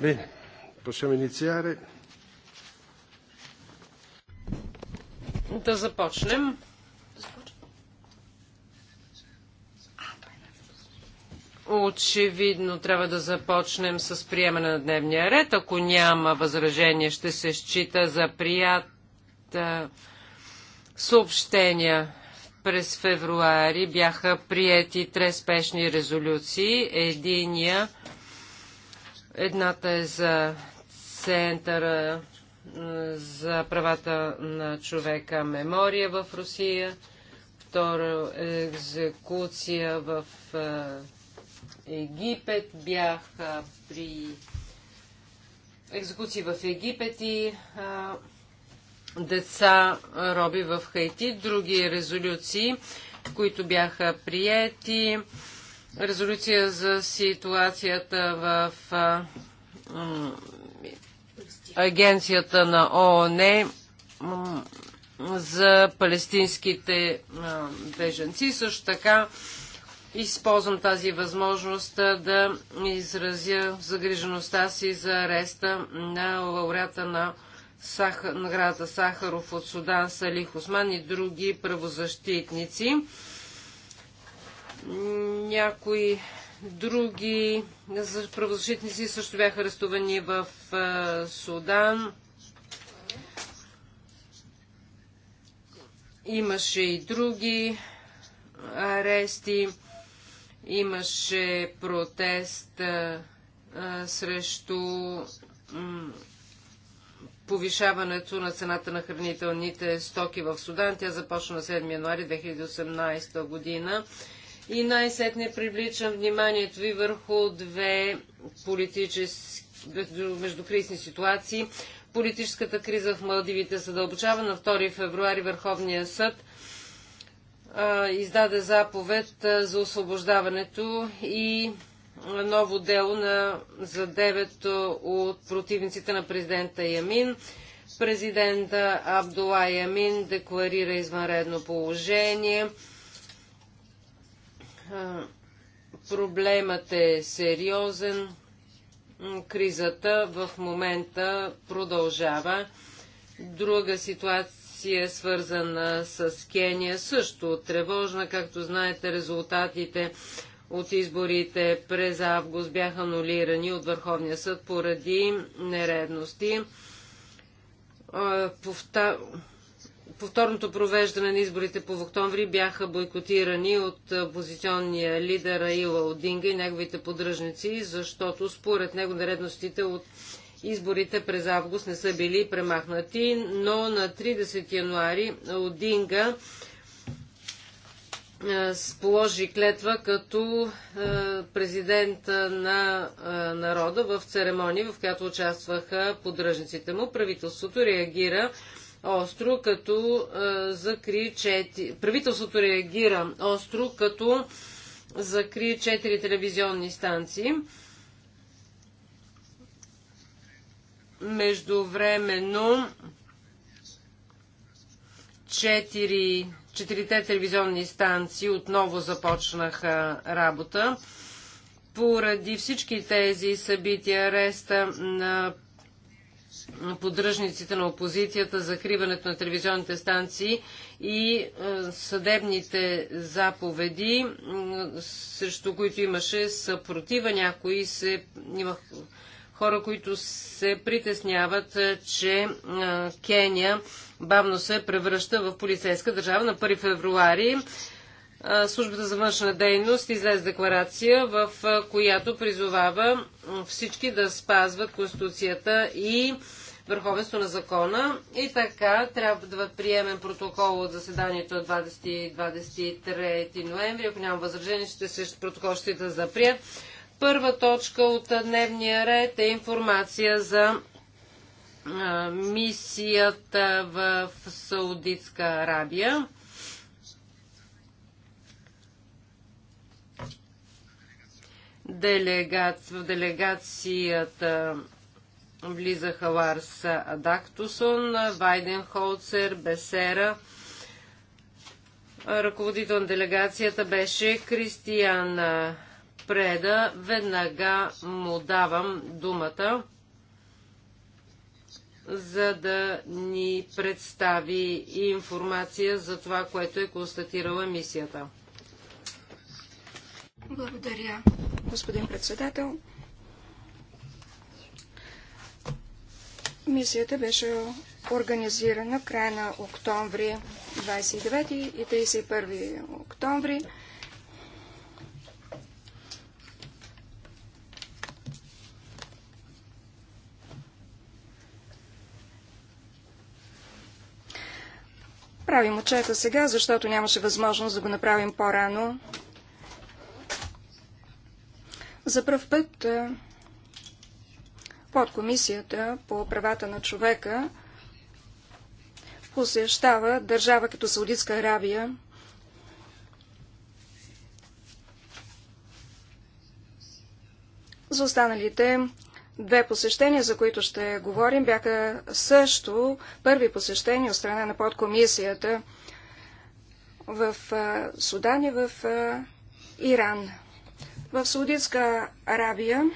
Bene, possiamo iniziare. Да започнем. Очевидно трябва да започнем с приемане на дневния ред. Ако няма възражение, ще се счита за прият съобщения през февруари бяха приети три спешни резолюции. Единия Едната е за Центъра за правата на човека Мемория в Русия, втора екзекуция в Египет, бяха при екзекуции в Египет и а, деца роби в Хаити, други резолюции, които бяха приети резолюция за ситуацията в а, а, агенцията на ООН а, за палестинските беженци. Също така използвам тази възможност да изразя загрижеността си за ареста на лауреата на Сахар, наградата Сахаров от Судан Салих Осман и други правозащитници. Някои други правозащитници също бяха арестувани в Судан. Имаше и други арести. Имаше протест а, срещу повишаването на цената на хранителните стоки в Судан. Тя започна на 7 януари 2018 година и най-сетне привличам вниманието ви върху две политически междукризни ситуации. Политическата криза в Малдивите се дълбочава. На 2 февруари Върховния съд а, издаде заповед а, за освобождаването и ново дело на, за 9 от противниците на президента Ямин. Президента Абдула Ямин декларира извънредно положение. Проблемът е сериозен. Кризата в момента продължава. Друга ситуация, свързана с Кения, също тревожна. Както знаете, резултатите от изборите през август бяха анулирани от Върховния съд поради нередности повторното провеждане на изборите по октомври бяха бойкотирани от опозиционния лидер Аила Одинга и неговите поддръжници, защото според него наредностите от изборите през август не са били премахнати, но на 30 януари Одинга положи клетва като президент на народа в церемония, в която участваха поддръжниците му. Правителството реагира остро, като е, закри 4... Правителството реагира остро, като закри 4 телевизионни станции. Междувременно 4 четирите телевизионни станции отново започнаха работа. Поради всички тези събития, ареста на поддръжниците на опозицията, закриването на телевизионните станции и е, съдебните заповеди, срещу които имаше съпротива. Някои се, има хора, които се притесняват, е, че е, Кения бавно се превръща в полицейска държава. На 1 февруари Службата за външна дейност излезе декларация, в която призовава всички да спазват Конституцията и върховенство на закона. И така трябва да приемем протокол от заседанието от 20 23 ноември. Ако няма възражение, ще се протокол ще да заприят. Първа точка от дневния ред е информация за а, мисията в Саудитска Арабия. Делегация В делегацията влизаха Ларс Адактусон, Холцер, Бесера. Ръководител на делегацията беше Кристиян Преда. Веднага му давам думата, за да ни представи информация за това, което е констатирала мисията. Благодаря, господин председател. Мисията беше организирана в края на октомври, 29 и 31 октомври. Правим отчета сега, защото нямаше възможност да го направим по-рано. За пръв път е, под комисията по правата на човека посещава държава като Саудитска Аравия. За останалите две посещения, за които ще говорим, бяха също първи посещения от страна на подкомисията в е, Судан и в е, Иран. В Саудитска Арабия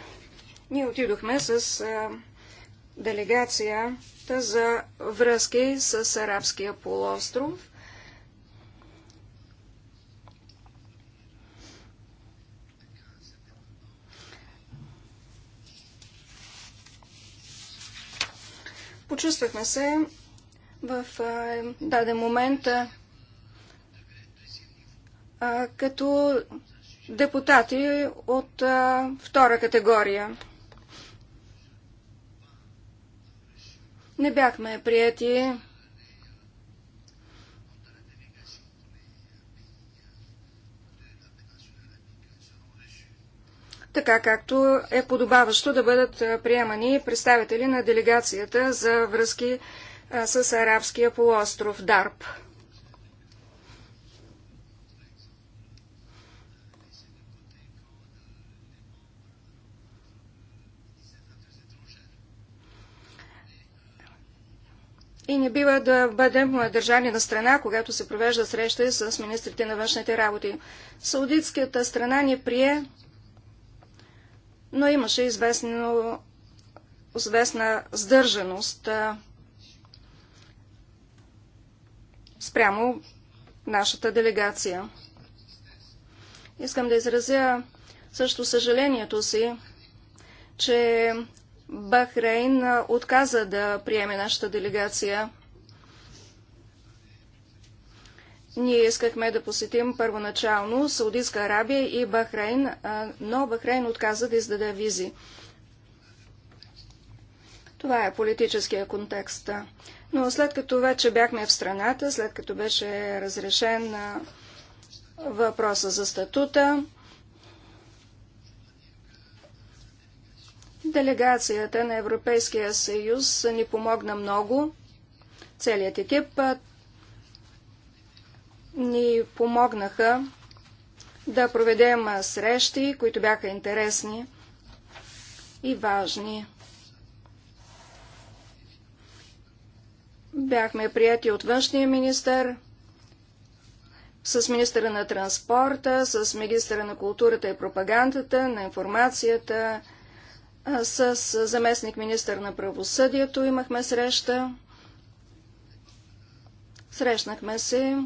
ние отидохме с а, делегацията за връзки с Арабския полуостров. Почувствахме се в а, даден момент а, като депутати от а, втора категория. Не бяхме прияти така както е подобаващо да бъдат приемани представители на делегацията за връзки с Арабския полуостров ДАРП. и не бива да бъдем държани на страна, когато се провежда среща с министрите на външните работи. Саудитската страна ни прие, но имаше известно, известна сдържаност спрямо нашата делегация. Искам да изразя също съжалението си, че Бахрейн отказа да приеме нашата делегация. Ние искахме да посетим първоначално Саудитска Арабия и Бахрейн, но Бахрейн отказа да издаде визи. Това е политическия контекст. Но след като вече бяхме в страната, след като беше разрешен въпроса за статута, Делегацията на Европейския съюз ни помогна много. Целият екип ни помогнаха да проведем срещи, които бяха интересни и важни. Бяхме прияти от външния министър, с министъра на транспорта, с министъра на културата и пропагандата, на информацията, с заместник министър на правосъдието имахме среща. Срещнахме се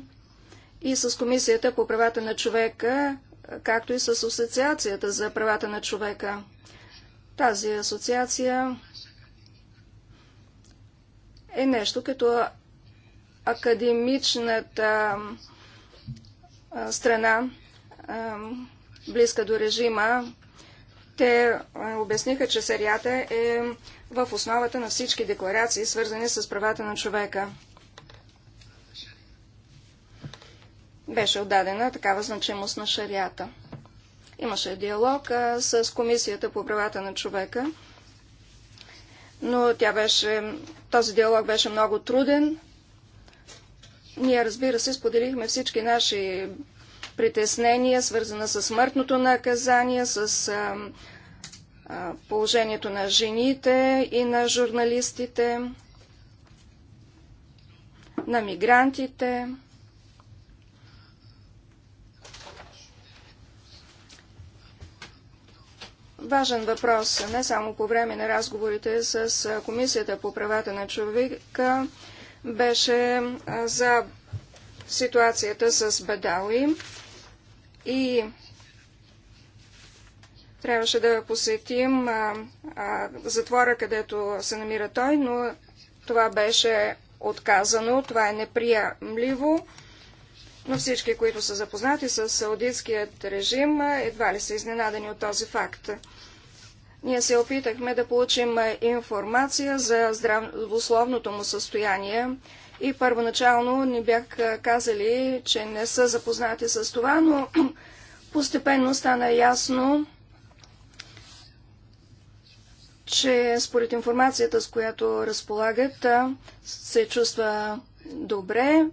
и с Комисията по правата на човека, както и с Асоциацията за правата на човека. Тази асоциация е нещо като академичната страна, близка до режима, те обясниха, че серията е в основата на всички декларации, свързани с правата на човека. Беше отдадена такава значимост на шарията. Имаше диалог с Комисията по правата на човека, но тя беше, този диалог беше много труден. Ние, разбира се, споделихме всички наши притеснения, свързана с смъртното наказание, с а, а, положението на жените и на журналистите, на мигрантите. важен въпрос, не само по време на разговорите с Комисията по правата на човека, беше за ситуацията с Бадауи и трябваше да посетим а, а, затвора, където се намира той, но това беше отказано. Това е неприемливо. Но всички, които са запознати с саудитският режим, едва ли са изненадани от този факт. Ние се опитахме да получим информация за здравословното му състояние. И първоначално ни бях казали, че не са запознати с това, но постепенно стана ясно, че според информацията, с която разполагат, се чувства добре.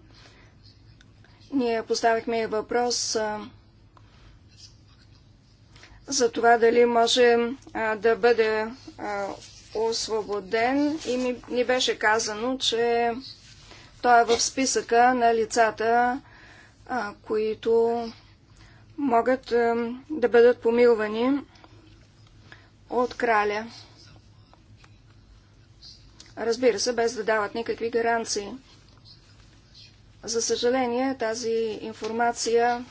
Ние поставихме въпрос за това дали може да бъде освободен и ни беше казано, че той е в списъка на лицата, а, които могат а, да бъдат помилвани от краля. Разбира се, без да дават никакви гаранции. За съжаление, тази информация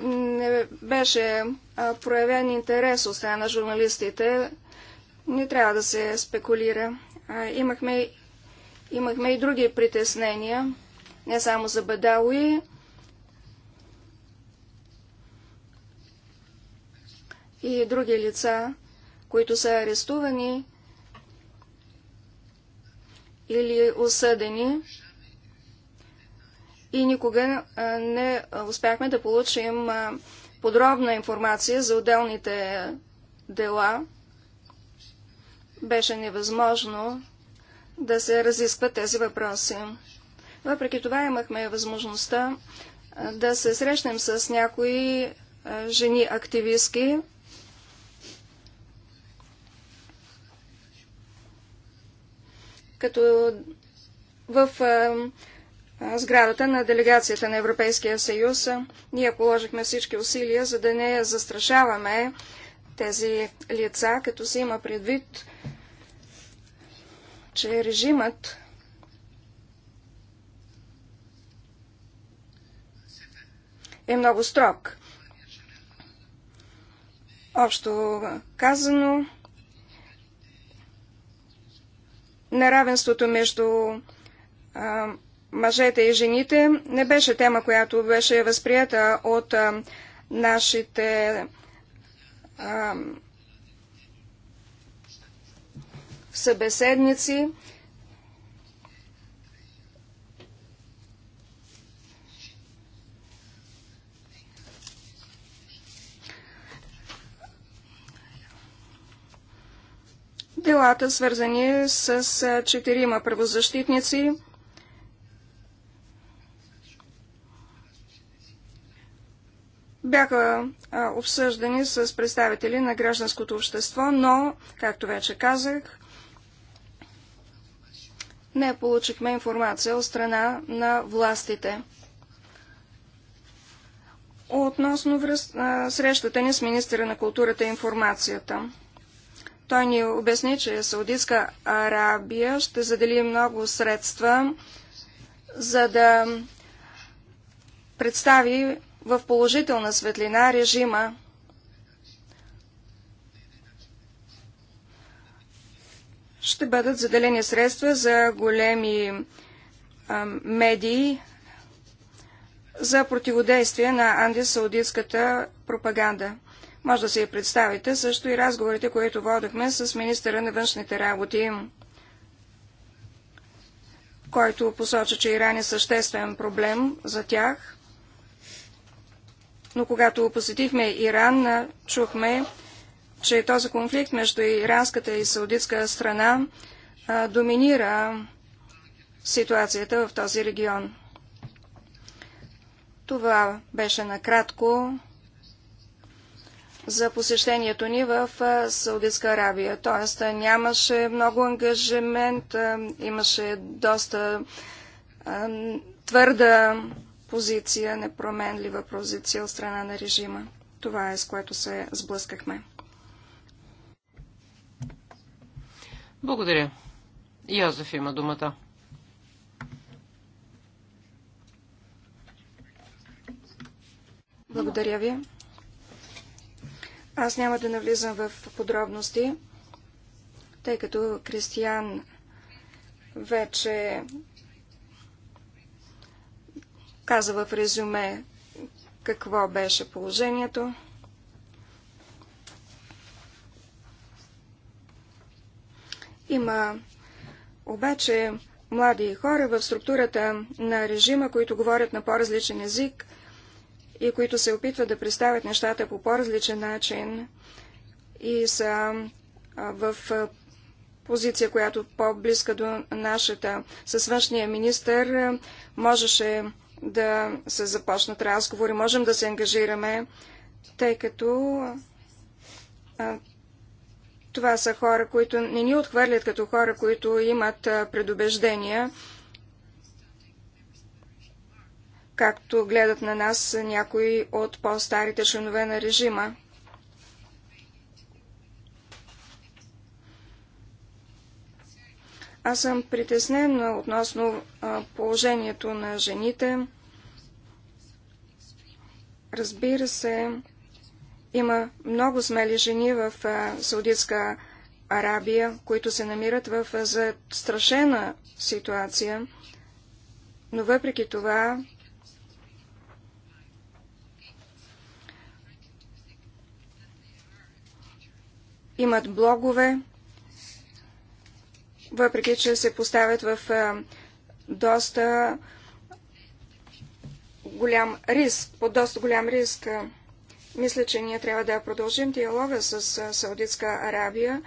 не беше проявен интерес от страна на журналистите. Не трябва да се спекулира. Имахме, имахме и други притеснения, не само за Бадауи. И други лица, които са арестувани или осъдени и никога не успяхме да получим подробна информация за отделните дела. Беше невъзможно да се разискват тези въпроси. Въпреки това имахме възможността да се срещнем с някои жени активистки. Като в сградата на делегацията на Европейския съюз. Ние положихме всички усилия, за да не застрашаваме тези лица, като се има предвид, че режимът е много строг. Общо казано, неравенството между а, мъжете и жените не беше тема, която беше възприята от нашите а, събеседници. Делата, свързани с четирима правозащитници, бяха а, обсъждани с представители на гражданското общество, но, както вече казах, не получихме информация от страна на властите. Относно връз... а, срещата ни с министра на културата и информацията. Той ни обясни, че Саудитска Арабия ще задели много средства, за да представи в положителна светлина режима. Ще бъдат заделени средства за големи а, медии за противодействие на антисаудитската пропаганда. Може да си я представите също и разговорите, които водехме с министъра на външните работи, който посоча, че Иран е съществен проблем за тях – но когато посетихме Иран, чухме, че този конфликт между иранската и саудитска страна доминира ситуацията в този регион. Това беше накратко за посещението ни в Саудитска Арабия. Тоест нямаше много ангажимент, имаше доста твърда позиция, непроменлива позиция от страна на режима. Това е с което се сблъскахме. Благодаря. Йозеф има думата. Благодаря ви. Аз няма да навлизам в подробности, тъй като Кристиян вече каза в резюме какво беше положението. Има обаче млади хора в структурата на режима, които говорят на по-различен език и които се опитват да представят нещата по по-различен начин и са в позиция, която по-близка до нашата. със външния министър можеше да се започнат разговори, можем да се ангажираме, тъй като а, това са хора, които не ни отхвърлят като хора, които имат предубеждения, както гледат на нас някои от по-старите членове на режима. Аз съм притеснена относно положението на жените. Разбира се, има много смели жени в Саудитска Арабия, които се намират в застрашена ситуация, но въпреки това имат блогове, въпреки че се поставят в доста голям риск, под доста голям риск. Мисля, че ние трябва да продължим диалога с Саудитска Арабия.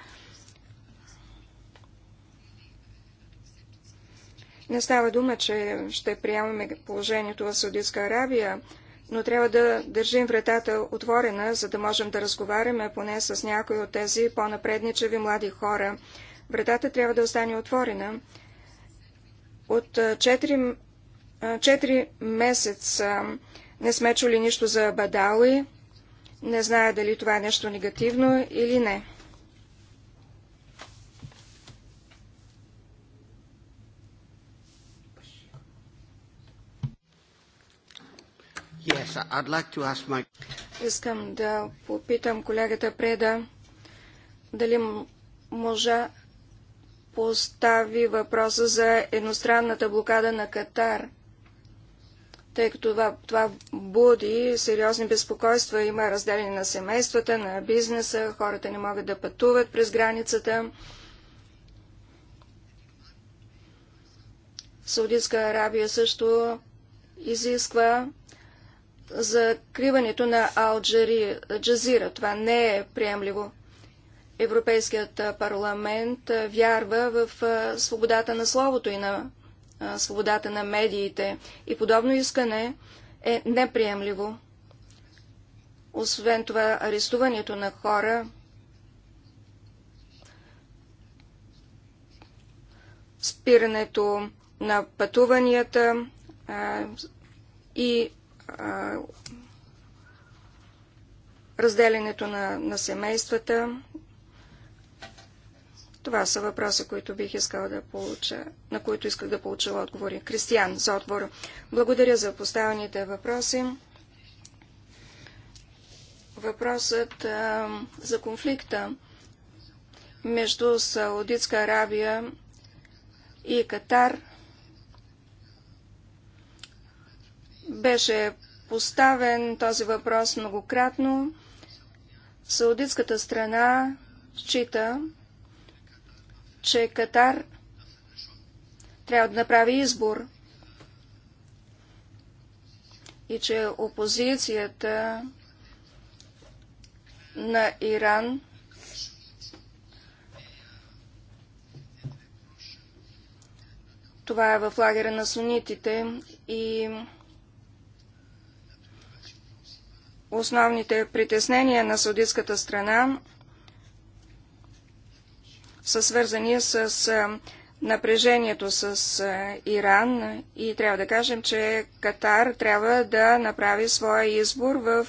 Не става дума, че ще приемаме положението в Саудитска Арабия, но трябва да държим вратата отворена, за да можем да разговаряме поне с някои от тези по-напредничеви млади хора вратата трябва да остане отворена. От 4, 4 месеца не сме чули нищо за бадали. Не зная дали това е нещо негативно или не. Yes, I'd like to ask my... Искам да попитам колегата Преда дали можа постави въпроса за едностранната блокада на Катар, тъй като това, това буди сериозни безпокойства. Има разделение на семействата, на бизнеса, хората не могат да пътуват през границата. Саудитска Арабия също изисква закриването на Алджари, Джазира. Това не е приемливо. Европейският парламент вярва в свободата на словото и на свободата на медиите и подобно искане е неприемливо. Освен това, арестуването на хора спирането на пътуванията а, и а, разделянето на, на семействата. Това са въпроси, които бих искала да получа, на които исках да получа отговори. Кристиян, за отговор. Благодаря за поставените въпроси. Въпросът а, за конфликта между Саудитска Аравия и Катар беше поставен този въпрос многократно. Саудитската страна счита, че Катар трябва да направи избор и че опозицията на Иран това е в лагера на сунитите и основните притеснения на саудитската страна са свързани с напрежението с Иран и трябва да кажем, че Катар трябва да направи своя избор в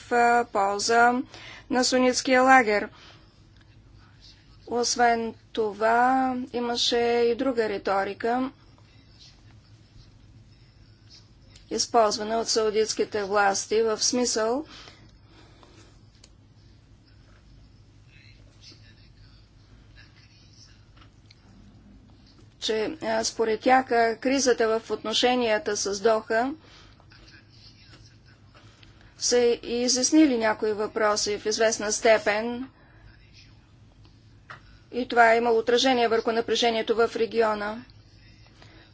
полза на сунитския лагер. Освен това, имаше и друга риторика, използвана от саудитските власти, в смисъл, че според тях кризата в отношенията с Доха са и изяснили някои въпроси в известна степен и това е имало отражение върху напрежението в региона.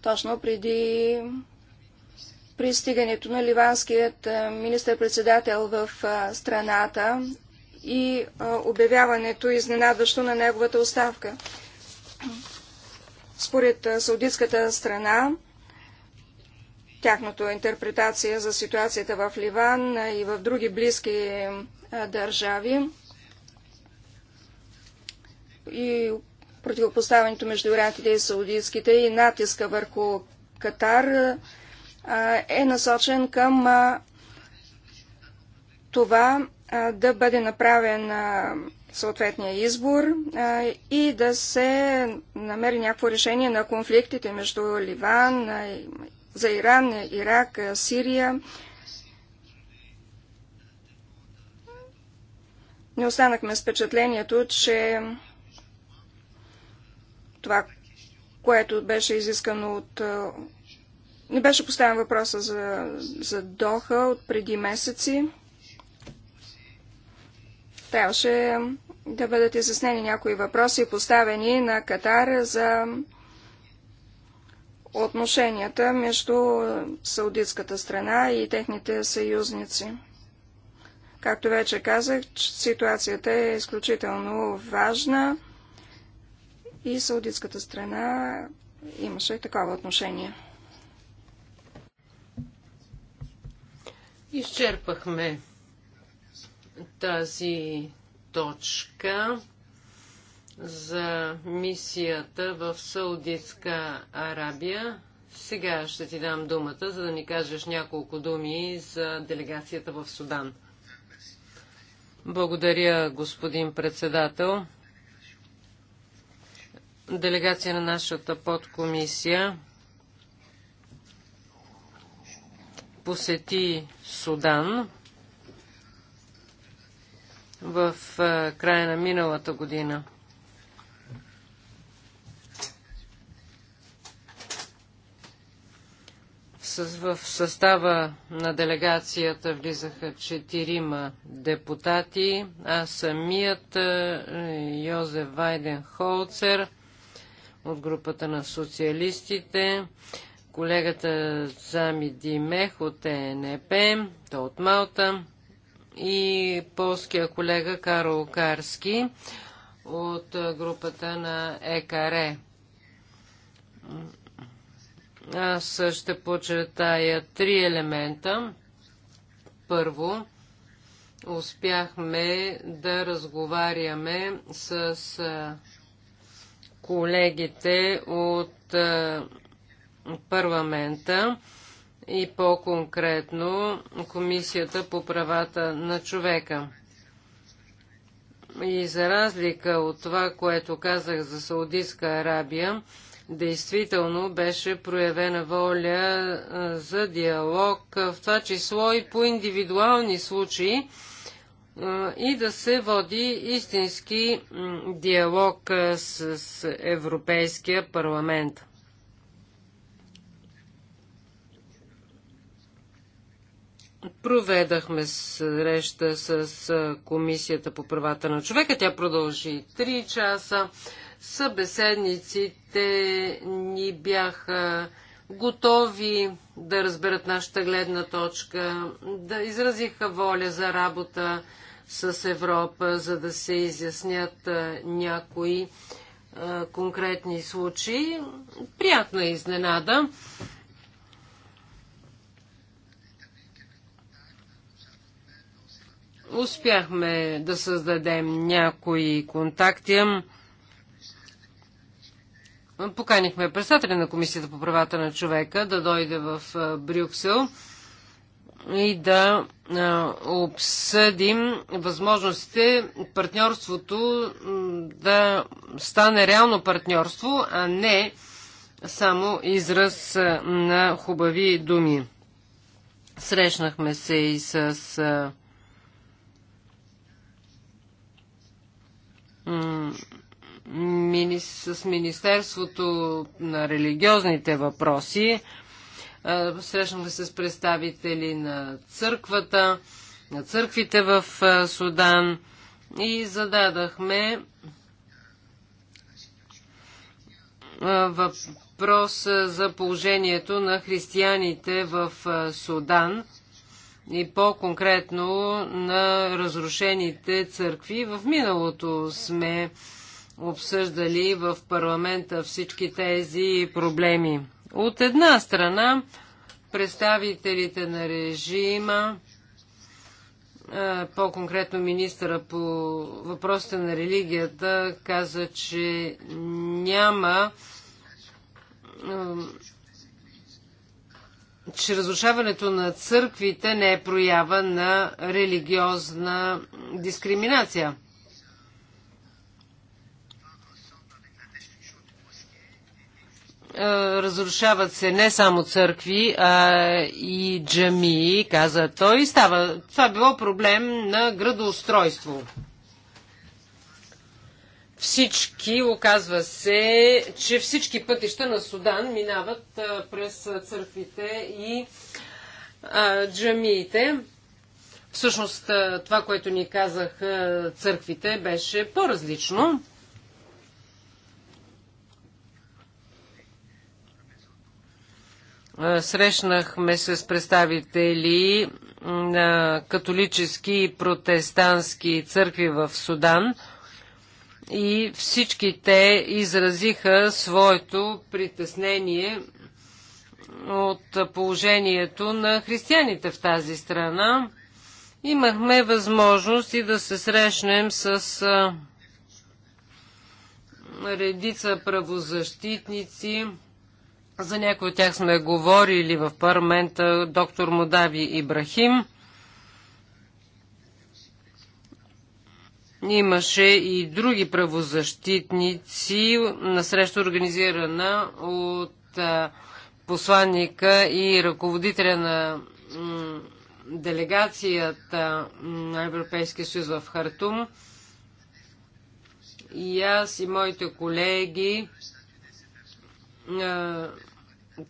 Точно преди пристигането на ливанският министър-председател в страната и обявяването изненадващо на неговата оставка. Според саудитската страна, тяхната интерпретация за ситуацията в Ливан и в други близки държави и противопоставянето между ираките и саудитските и натиска върху Катар е насочен към това да бъде направен съответния избор и да се намери някакво решение на конфликтите между Ливан, за Иран, Ирак, Сирия. Не останахме с впечатлението, че това, което беше изискано от... Не беше поставен въпроса за, за Доха от преди месеци. Трябваше да бъдат изяснени някои въпроси, поставени на Катар за отношенията между саудитската страна и техните съюзници. Както вече казах, ситуацията е изключително важна и саудитската страна имаше такова отношение. Изчерпахме тази точка за мисията в Саудитска Арабия. Сега ще ти дам думата, за да ни кажеш няколко думи за делегацията в Судан. Благодаря, господин председател. Делегация на нашата подкомисия посети Судан в края на миналата година. в състава на делегацията влизаха четирима депутати, а самият Йозеф Вайден Холцер от групата на социалистите, колегата Зами Димех от ЕНП, то от Малта, и полския колега Карл Карски от групата на ЕКАРЕ. Аз ще почетая три елемента. Първо, успяхме да разговаряме с колегите от парламента и по-конкретно Комисията по правата на човека. И за разлика от това, което казах за Саудитска Арабия, действително беше проявена воля за диалог, в това число и по индивидуални случаи, и да се води истински диалог с Европейския парламент. Проведахме среща с Комисията по правата на човека. Тя продължи 3 часа. Събеседниците ни бяха готови да разберат нашата гледна точка, да изразиха воля за работа с Европа, за да се изяснят някои конкретни случаи. Приятна изненада. Успяхме да създадем някои контакти. Поканихме председателя на Комисията по правата на човека да дойде в Брюксел и да обсъдим възможностите партньорството да стане реално партньорство, а не само израз на хубави думи. Срещнахме се и с с Министерството на религиозните въпроси. Е, срещнахме се с представители на църквата, на църквите в е, Судан и зададахме е, въпрос за положението на християните в Судан – и по-конкретно на разрушените църкви. В миналото сме обсъждали в парламента всички тези проблеми. От една страна, представителите на режима, по-конкретно министра по въпросите на религията, каза, че няма че разрушаването на църквите не е проява на религиозна дискриминация. Е, разрушават се не само църкви, а и джамии, каза той. Става, това било проблем на градоустройство всички, оказва се, че всички пътища на Судан минават през църквите и джамиите. Всъщност това, което ни казах църквите, беше по-различно. Срещнахме се с представители на католически и протестантски църкви в Судан – и всички те изразиха своето притеснение от положението на християните в тази страна. Имахме възможност и да се срещнем с редица правозащитници. За някои от тях сме говорили в парламента доктор Модави Ибрахим. Имаше и други правозащитници на среща организирана от посланника и ръководителя на делегацията на Европейския съюз в Хартум. И аз и моите колеги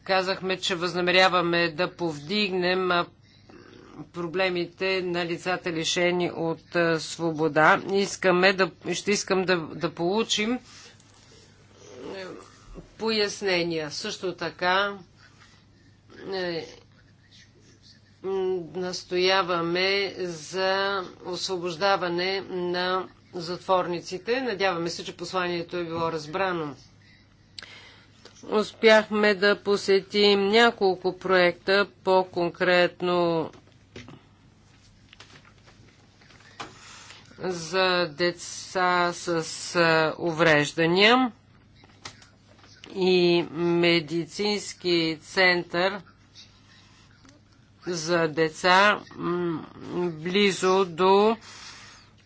казахме, че възнамеряваме да повдигнем проблемите на лицата лишени от свобода. Искаме да, ще искам да, да получим е, пояснения. Също така е, настояваме за освобождаване на затворниците. Надяваме се, че посланието е било разбрано. Успяхме да посетим няколко проекта, по-конкретно за деца с увреждания и медицински център за деца близо до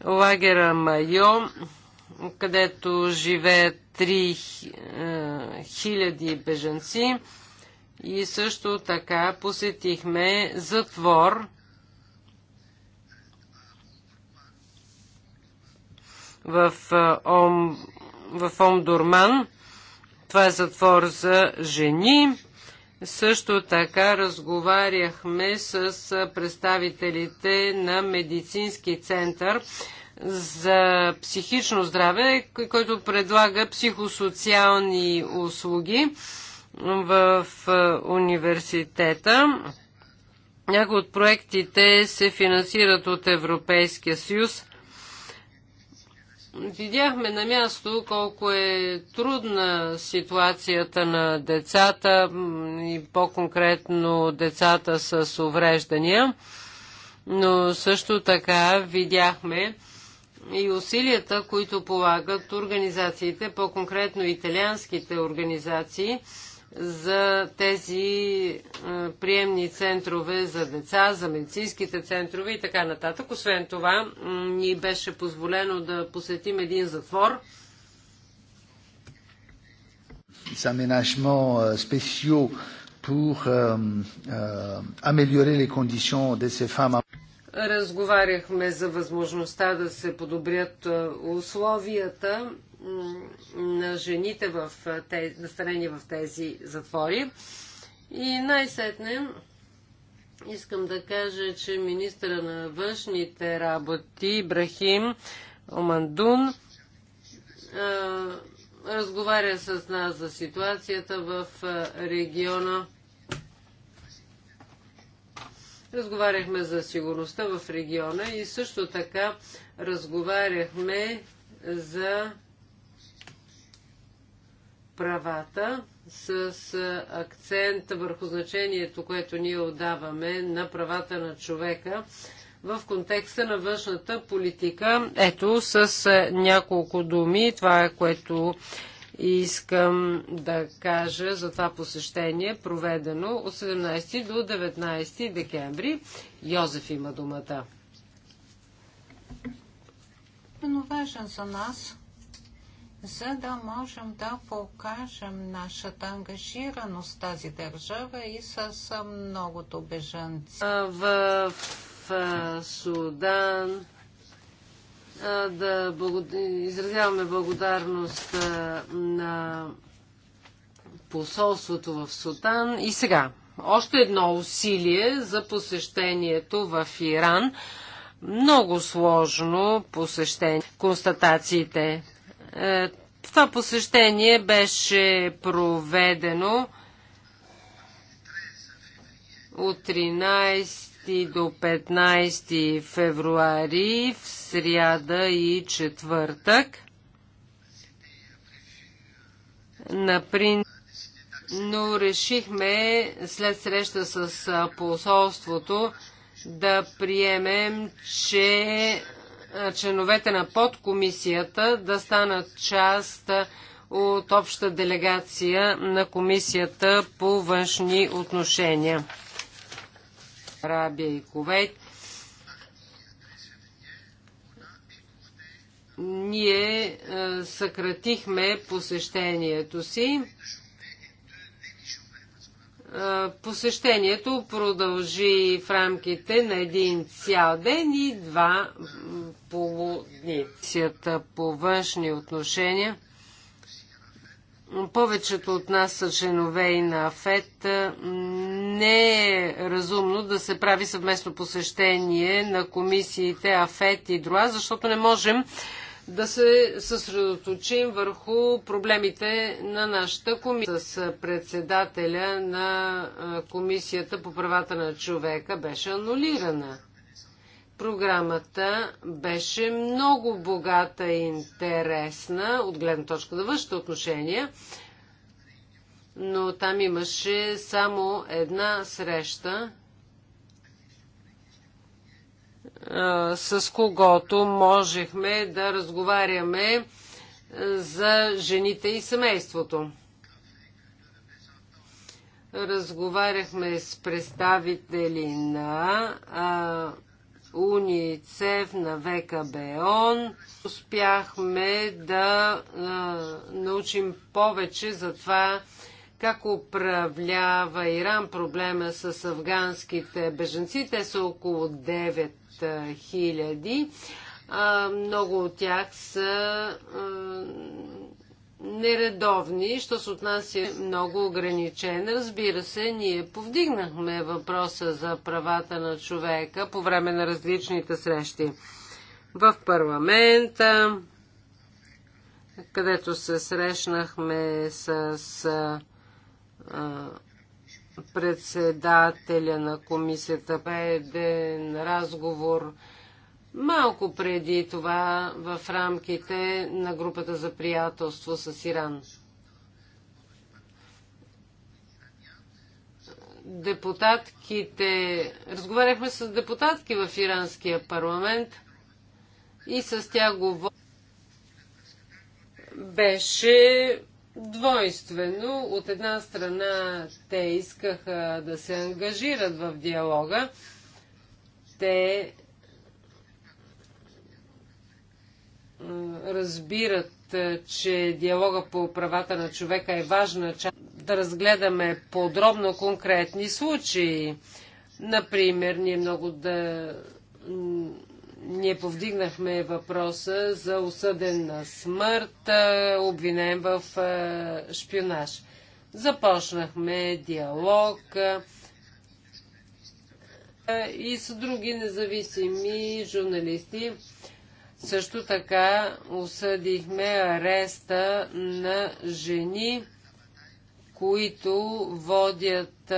лагера Майо, където живеят 3000 беженци И също така посетихме затвор – в, Ом, в Омдурман. Това е затвор за жени. Също така разговаряхме с представителите на медицински център за психично здраве, който предлага психосоциални услуги в университета. Някои от проектите се финансират от Европейския съюз. Видяхме на място колко е трудна ситуацията на децата и по-конкретно децата с увреждания, но също така видяхме и усилията, които полагат организациите, по-конкретно италианските организации – за тези приемни центрове за деца, за медицинските центрове и така нататък. Освен това, ни беше позволено да посетим един затвор. специал pour améliorer les conditions de ces femmes. Разговаряхме за възможността да се подобрят условията жените в тези, настанени в тези затвори. И най-сетне искам да кажа, че министра на външните работи Брахим Омандун разговаря с нас за ситуацията в региона. Разговаряхме за сигурността в региона и също така разговаряхме за правата с акцент върху значението, което ние отдаваме на правата на човека в контекста на външната политика. Ето с е, няколко думи това е което искам да кажа за това посещение, проведено от 17 до 19 декември. Йозеф има думата. Но важен за нас за да можем да покажем нашата ангажираност тази държава и с многото бежанци. В, в Судан да изразяваме благодарност на посолството в Судан. И сега, още едно усилие за посещението в Иран. Много сложно посещение. Констатациите е, това посещение беше проведено от 13 до 15 февруари в сряда и четвъртък. Наприн... Но решихме след среща с посолството да приемем, че е, членовете на подкомисията да станат част от обща делегация на комисията по външни отношения. Арабия и Кувейт. Ние е, съкратихме посещението си. Посещението продължи в рамките на един цял ден и два полудни. Комисията по външни отношения. Повечето от нас са членове и на Афет. Не е разумно да се прави съвместно посещение на комисиите Афет и ДРОА, защото не можем да се съсредоточим върху проблемите на нашата комисия. С председателя на Комисията по правата на човека беше анулирана. Програмата беше много богата и интересна от гледна точка на външните отношения, но там имаше само една среща с когото можехме да разговаряме за жените и семейството. Разговаряхме с представители на а, УНИЦЕФ, на ВКБОН. Успяхме да а, научим повече за това, как управлява Иран проблема с афганските беженци. Те са около 9 300 хиляди. Много от тях са нередовни, що се отнася много ограничен. Разбира се, ние повдигнахме въпроса за правата на човека по време на различните срещи в парламента, където се срещнахме с а, председателя на комисията по един разговор малко преди това в рамките на групата за приятелство с Иран. Депутатките, разговаряхме с депутатки в иранския парламент и с тях говорихме беше двойствено. От една страна те искаха да се ангажират в диалога. Те разбират, че диалога по правата на човека е важна част. Да разгледаме подробно конкретни случаи. Например, ние много да ние повдигнахме въпроса за осъден на смърт, обвинен в шпионаж. Започнахме диалог и с други независими журналисти. Също така осъдихме ареста на жени, които водят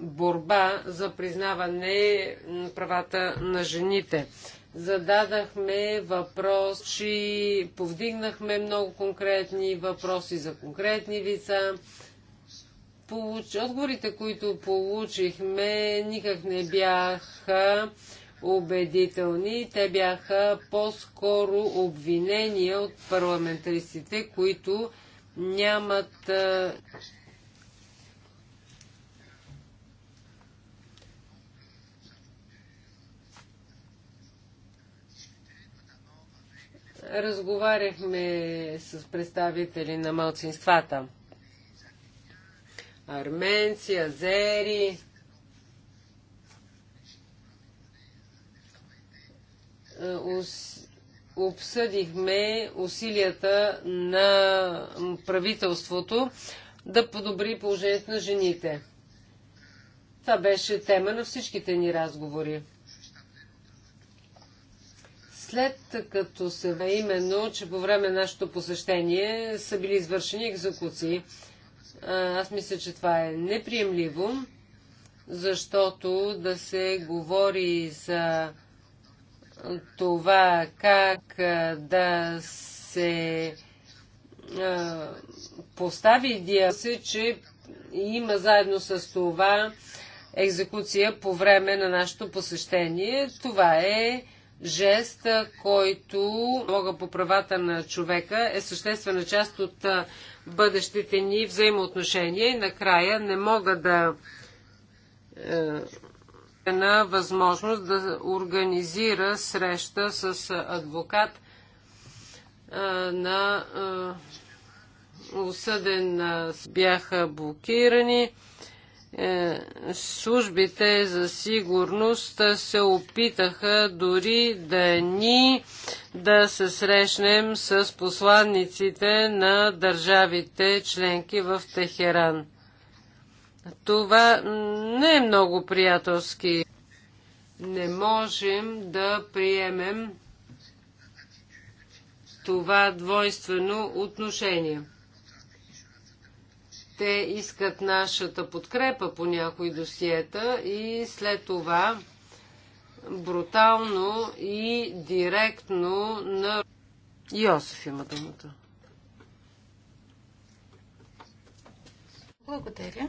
борба за признаване на правата на жените. Зададахме въпроси, повдигнахме много конкретни въпроси за конкретни лица. Получ... Отговорите, които получихме, никак не бяха убедителни. Те бяха по-скоро обвинения от парламентаристите, които нямат разговаряхме с представители на малцинствата. Арменци, азери. Е, обсъдихме усилията на правителството да подобри положението на жените. Това беше тема на всичките ни разговори след като се именно, че по време на нашето посещение са били извършени екзекуции. Аз мисля, че това е неприемливо, защото да се говори за това как да се постави идея се, че има заедно с това екзекуция по време на нашето посещение. Това е жест, който мога по правата на човека е съществена част от бъдещите ни взаимоотношения и накрая не мога да е, на възможност да организира среща с адвокат е, на е, осъден бяха блокирани е, службите за сигурност се опитаха дори да ни да се срещнем с посланниците на държавите членки в Техеран. Това не е много приятелски. Не можем да приемем това двойствено отношение те искат нашата подкрепа по някои досиета и след това брутално и директно на... Йосиф има думата. Благодаря.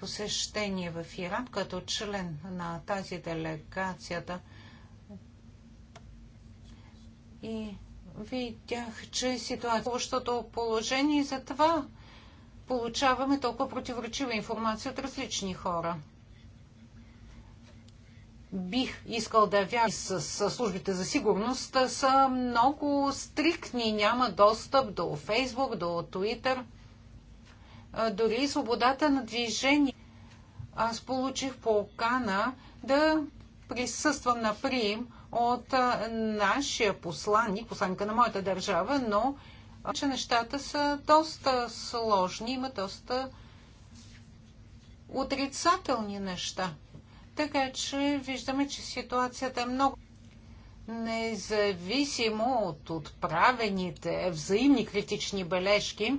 Посещение в Иран, като член на тази делегацията и видях, че ситуацията, защото е положение за това получаваме толкова противоречива информация от различни хора. Бих искал да вярвам, с, с службите за сигурност са много стриктни. Няма достъп до Фейсбук, до Twitter, дори свободата на движение. Аз получих покана да присъствам на прием от нашия посланник, посланника на моята държава, но че нещата са доста сложни, има доста отрицателни неща. Така че виждаме, че ситуацията е много независимо от отправените взаимни критични бележки.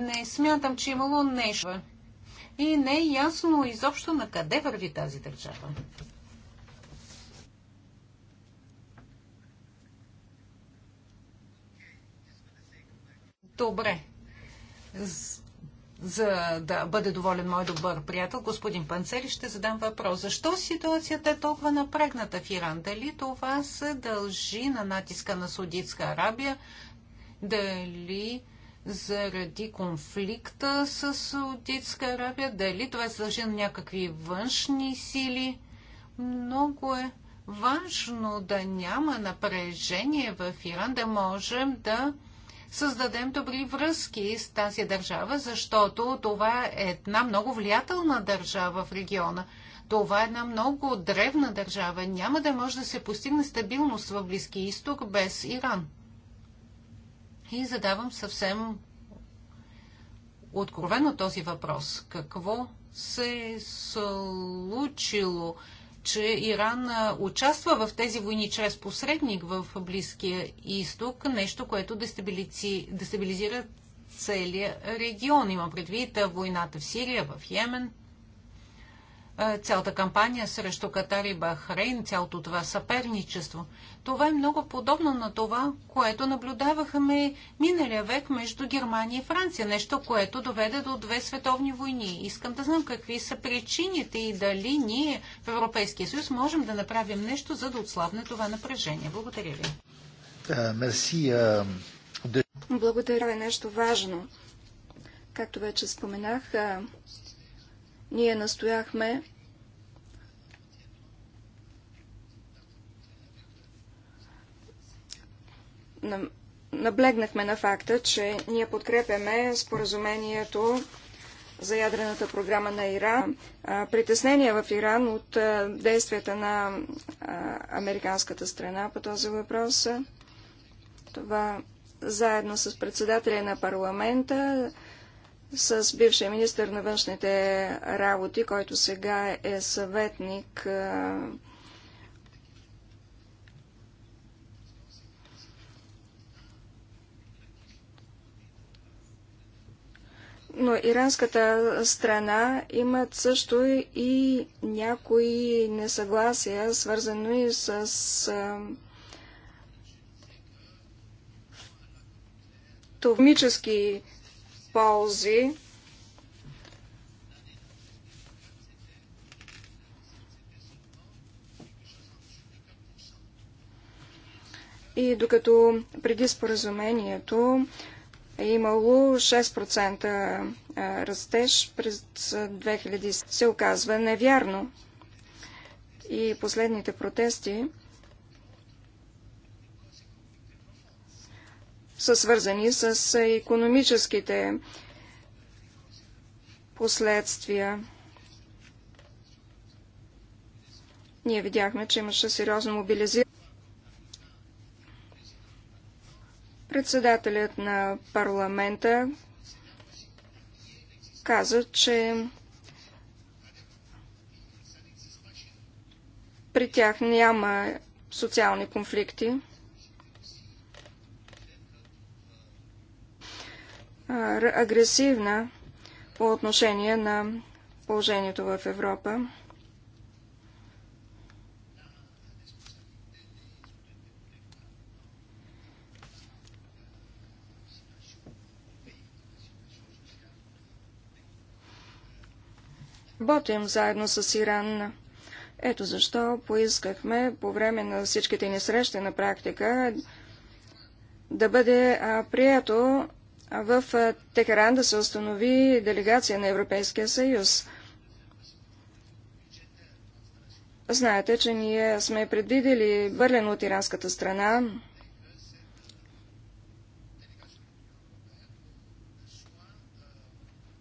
Не смятам, че имало нещо. И не е ясно изобщо на къде върви тази държава. Добре. За да бъде доволен мой добър приятел, господин Панцели, ще задам въпрос. Защо ситуацията е толкова напрегната в Иран? Дали това се дължи на натиска на Судитска Арабия? Дали заради конфликта с Саудитска Арабия, дали това се дължи на някакви външни сили. Много е важно да няма напрежение в Иран, да можем да създадем добри връзки с тази държава, защото това е една много влиятелна държава в региона. Това е една много древна държава. Няма да може да се постигне стабилност в Близки изток без Иран. И задавам съвсем откровено този въпрос. Какво се е случило? че Иран участва в тези войни чрез посредник в Близкия изток, нещо, което дестабилизира целият регион. Има предвид войната в Сирия, в Йемен, цялата кампания срещу Катар и Бахрейн, цялото това съперничество. Това е много подобно на това, което наблюдавахме миналия век между Германия и Франция. Нещо, което доведе до две световни войни. Искам да знам какви са причините и дали ние в Европейския съюз можем да направим нещо, за да отслабне това напрежение. Благодаря ви. Е, е, Благодаря е нещо важно. Както вече споменах, е, ние настояхме наблегнахме на факта, че ние подкрепяме споразумението за ядрената програма на Иран. Притеснения в Иран от действията на американската страна по този въпрос. Това заедно с председателя на парламента, с бившия министр на външните работи, който сега е съветник но иранската страна имат също и някои несъгласия, свързано и с а, ползи. И докато преди споразумението е имало 6% растеж през 2000 се оказва невярно. И последните протести са свързани с економическите последствия. Ние видяхме, че имаше сериозно мобилизиране. Председателят на парламента каза, че при тях няма социални конфликти. агресивна по отношение на положението в Европа. работим заедно с Иран. Ето защо поискахме по време на всичките ни срещи на практика да бъде прието в Техеран да се установи делегация на Европейския съюз. Знаете, че ние сме предвидели Бърлен от иранската страна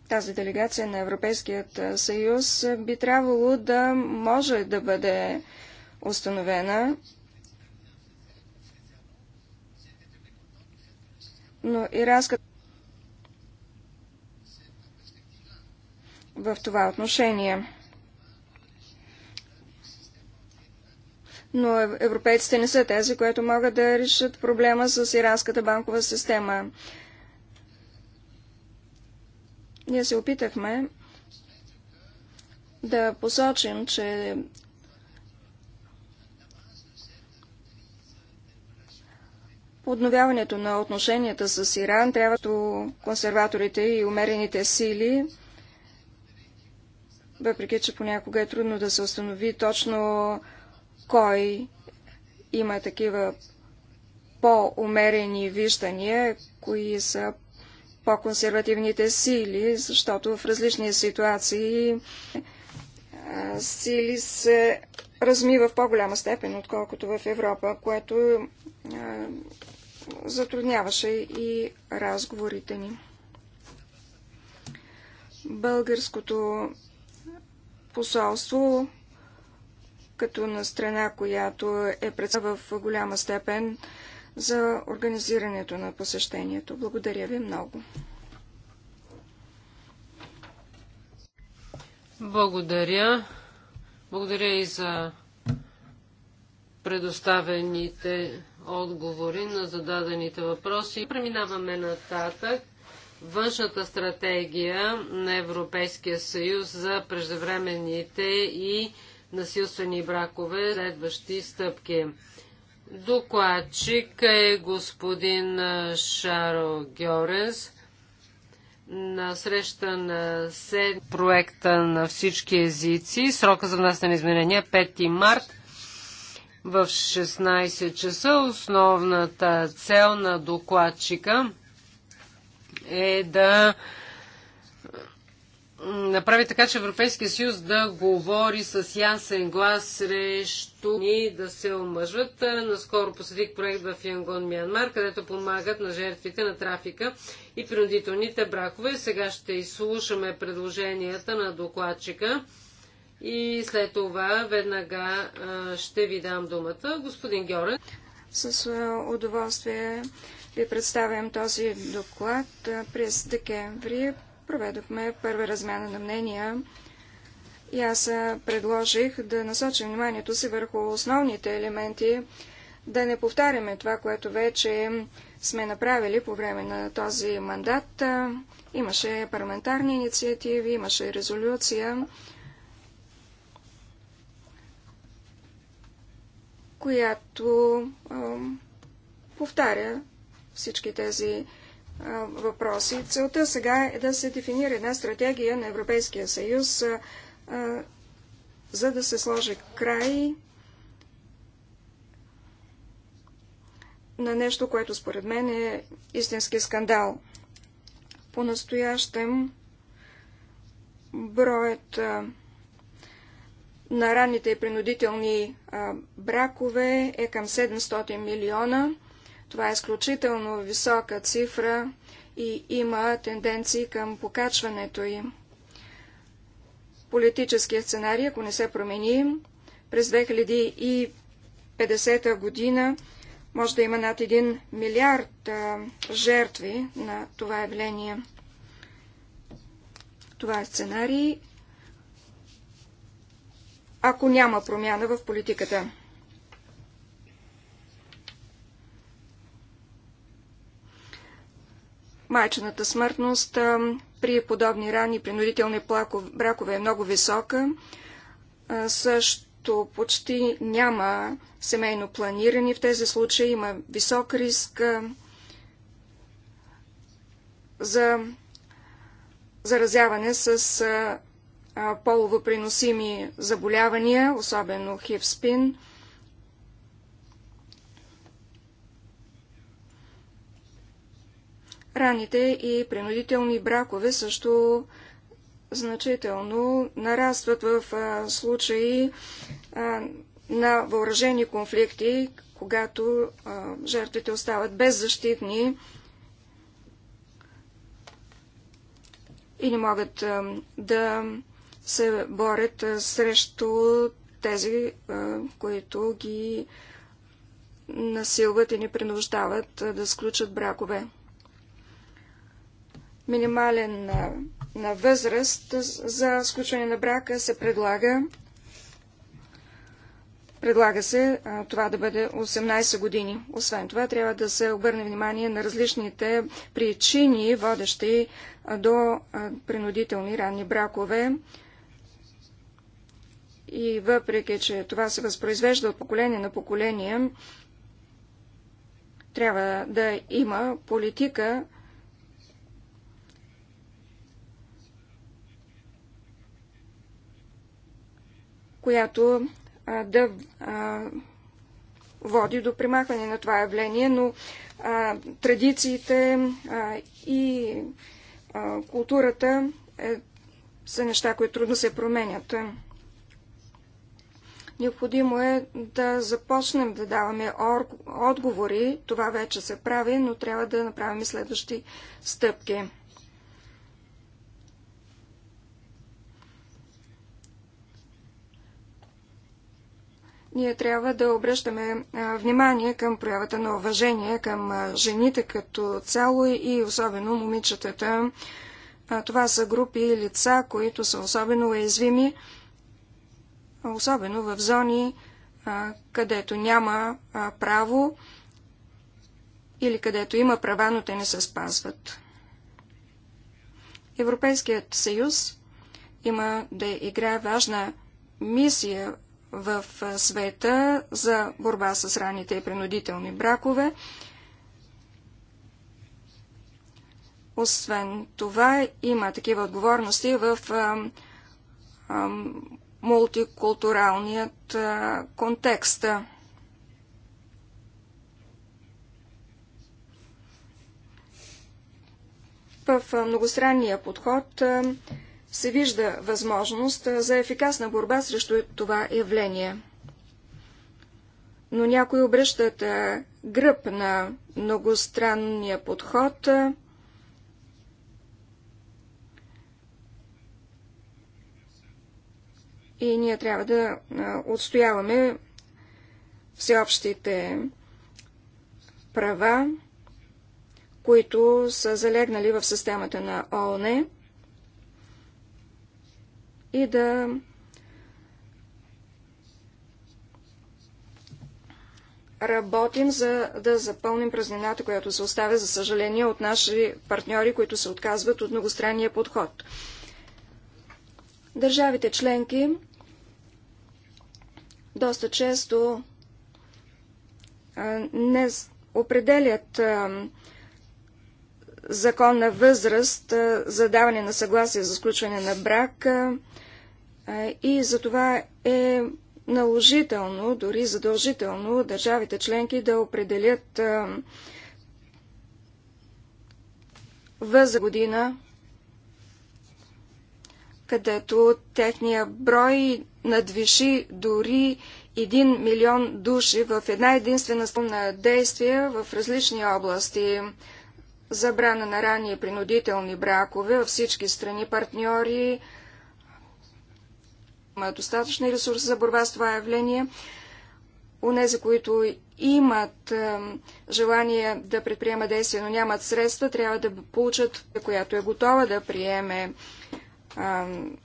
тази делегация на Европейският съюз би трябвало да може да бъде установена. Но иранската в това отношение. Но европейците не са тези, които могат да решат проблема с иранската банкова система. Ние се опитахме да посочим, че подновяването на отношенията с Иран трябва до консерваторите и умерените сили, въпреки че понякога е трудно да се установи точно кой има такива по-умерени виждания, кои са по-консервативните сили, защото в различни ситуации сили се размива в по-голяма степен, отколкото в Европа, което затрудняваше и разговорите ни. Българското посолство, като на страна, която е представа в голяма степен за организирането на посещението. Благодаря ви много. Благодаря. Благодаря и за предоставените отговори на зададените въпроси. Преминаваме нататък. Външната стратегия на Европейския съюз за преждевременните и насилствени бракове, следващи стъпки. Докладчик е господин Шаро Георенс. На среща на сед... проекта на всички езици. Срока за внасяне на изменения 5 е март в 16 часа. Основната цел на докладчика е да направи така, че Европейския съюз да говори с ясен глас срещу ни да се омъжват. Е, наскоро посетих проект в Янгон, Мянмар, където помагат на жертвите на трафика и принудителните бракове. Сега ще изслушаме предложенията на докладчика и след това веднага е, ще ви дам думата. Господин Георен. С е, удоволствие ви представям този доклад през декември проведохме първа размяна на мнения и аз предложих да насочим вниманието си върху основните елементи, да не повтаряме това, което вече сме направили по време на този мандат. Имаше парламентарни инициативи, имаше резолюция, която повтаря всички тези въпроси. Целта сега е да се дефинира една стратегия на Европейския съюз, за да се сложи край на нещо, което според мен е истински скандал. По-настоящем броят на ранните и принудителни бракове е към 700 милиона – това е изключително висока цифра и има тенденции към покачването им. Политическият сценарий, ако не се промени, през 2050 година може да има над 1 милиард а, жертви на това явление. Това е сценарий, ако няма промяна в политиката. Майчената смъртност при подобни рани принудителни бракове е много висока. Също почти няма семейно планиране. В тези случаи има висок риск за заразяване с полово приносими заболявания, особено хивспин. Раните и принудителни бракове също значително нарастват в случаи на въоръжени конфликти, когато жертвите остават беззащитни и не могат да се борят срещу тези, които ги насилват и ни принуждават да сключат бракове минимален на, на възраст за сключване на брака се предлага Предлага се а, това да бъде 18 години. Освен това, трябва да се обърне внимание на различните причини, водещи а, до а, принудителни ранни бракове. И въпреки, че това се възпроизвежда от поколение на поколение, трябва да има политика която а, да а, води до примахване на това явление, но а, традициите а, и а, културата е, са неща, които трудно се променят. Необходимо е да започнем да даваме отговори. Това вече се прави, но трябва да направим следващи стъпки. ние трябва да обръщаме внимание към проявата на уважение към жените като цяло и особено момичетата. Това са групи и лица, които са особено уязвими, особено в зони, където няма право или където има права, но те не се спазват. Европейският съюз има да играе важна мисия в света за борба с раните и принудителни бракове. Освен това, има такива отговорности в мултикултуралният контекст. В многостранния подход се вижда възможност за ефикасна борба срещу това явление. Но някои обръщат гръб на многостранния подход, и ние трябва да отстояваме всеобщите права, които са залегнали в системата на ООН и да работим за да запълним празнината, която се оставя, за съжаление, от наши партньори, които се отказват от многостранния подход. Държавите членки доста често не определят законна възраст за даване на съгласие за сключване на брак и за това е наложително, дори задължително, държавите членки да определят възраст година, където техния брой надвиши дори 1 милион души в една единствена страна действия в различни области – забрана на ранни и принудителни бракове във всички страни партньори, има достатъчни ресурси за борба с това явление. нези, които имат е, желание да предприемат действия, но нямат средства, трябва да получат, която е готова да приеме е,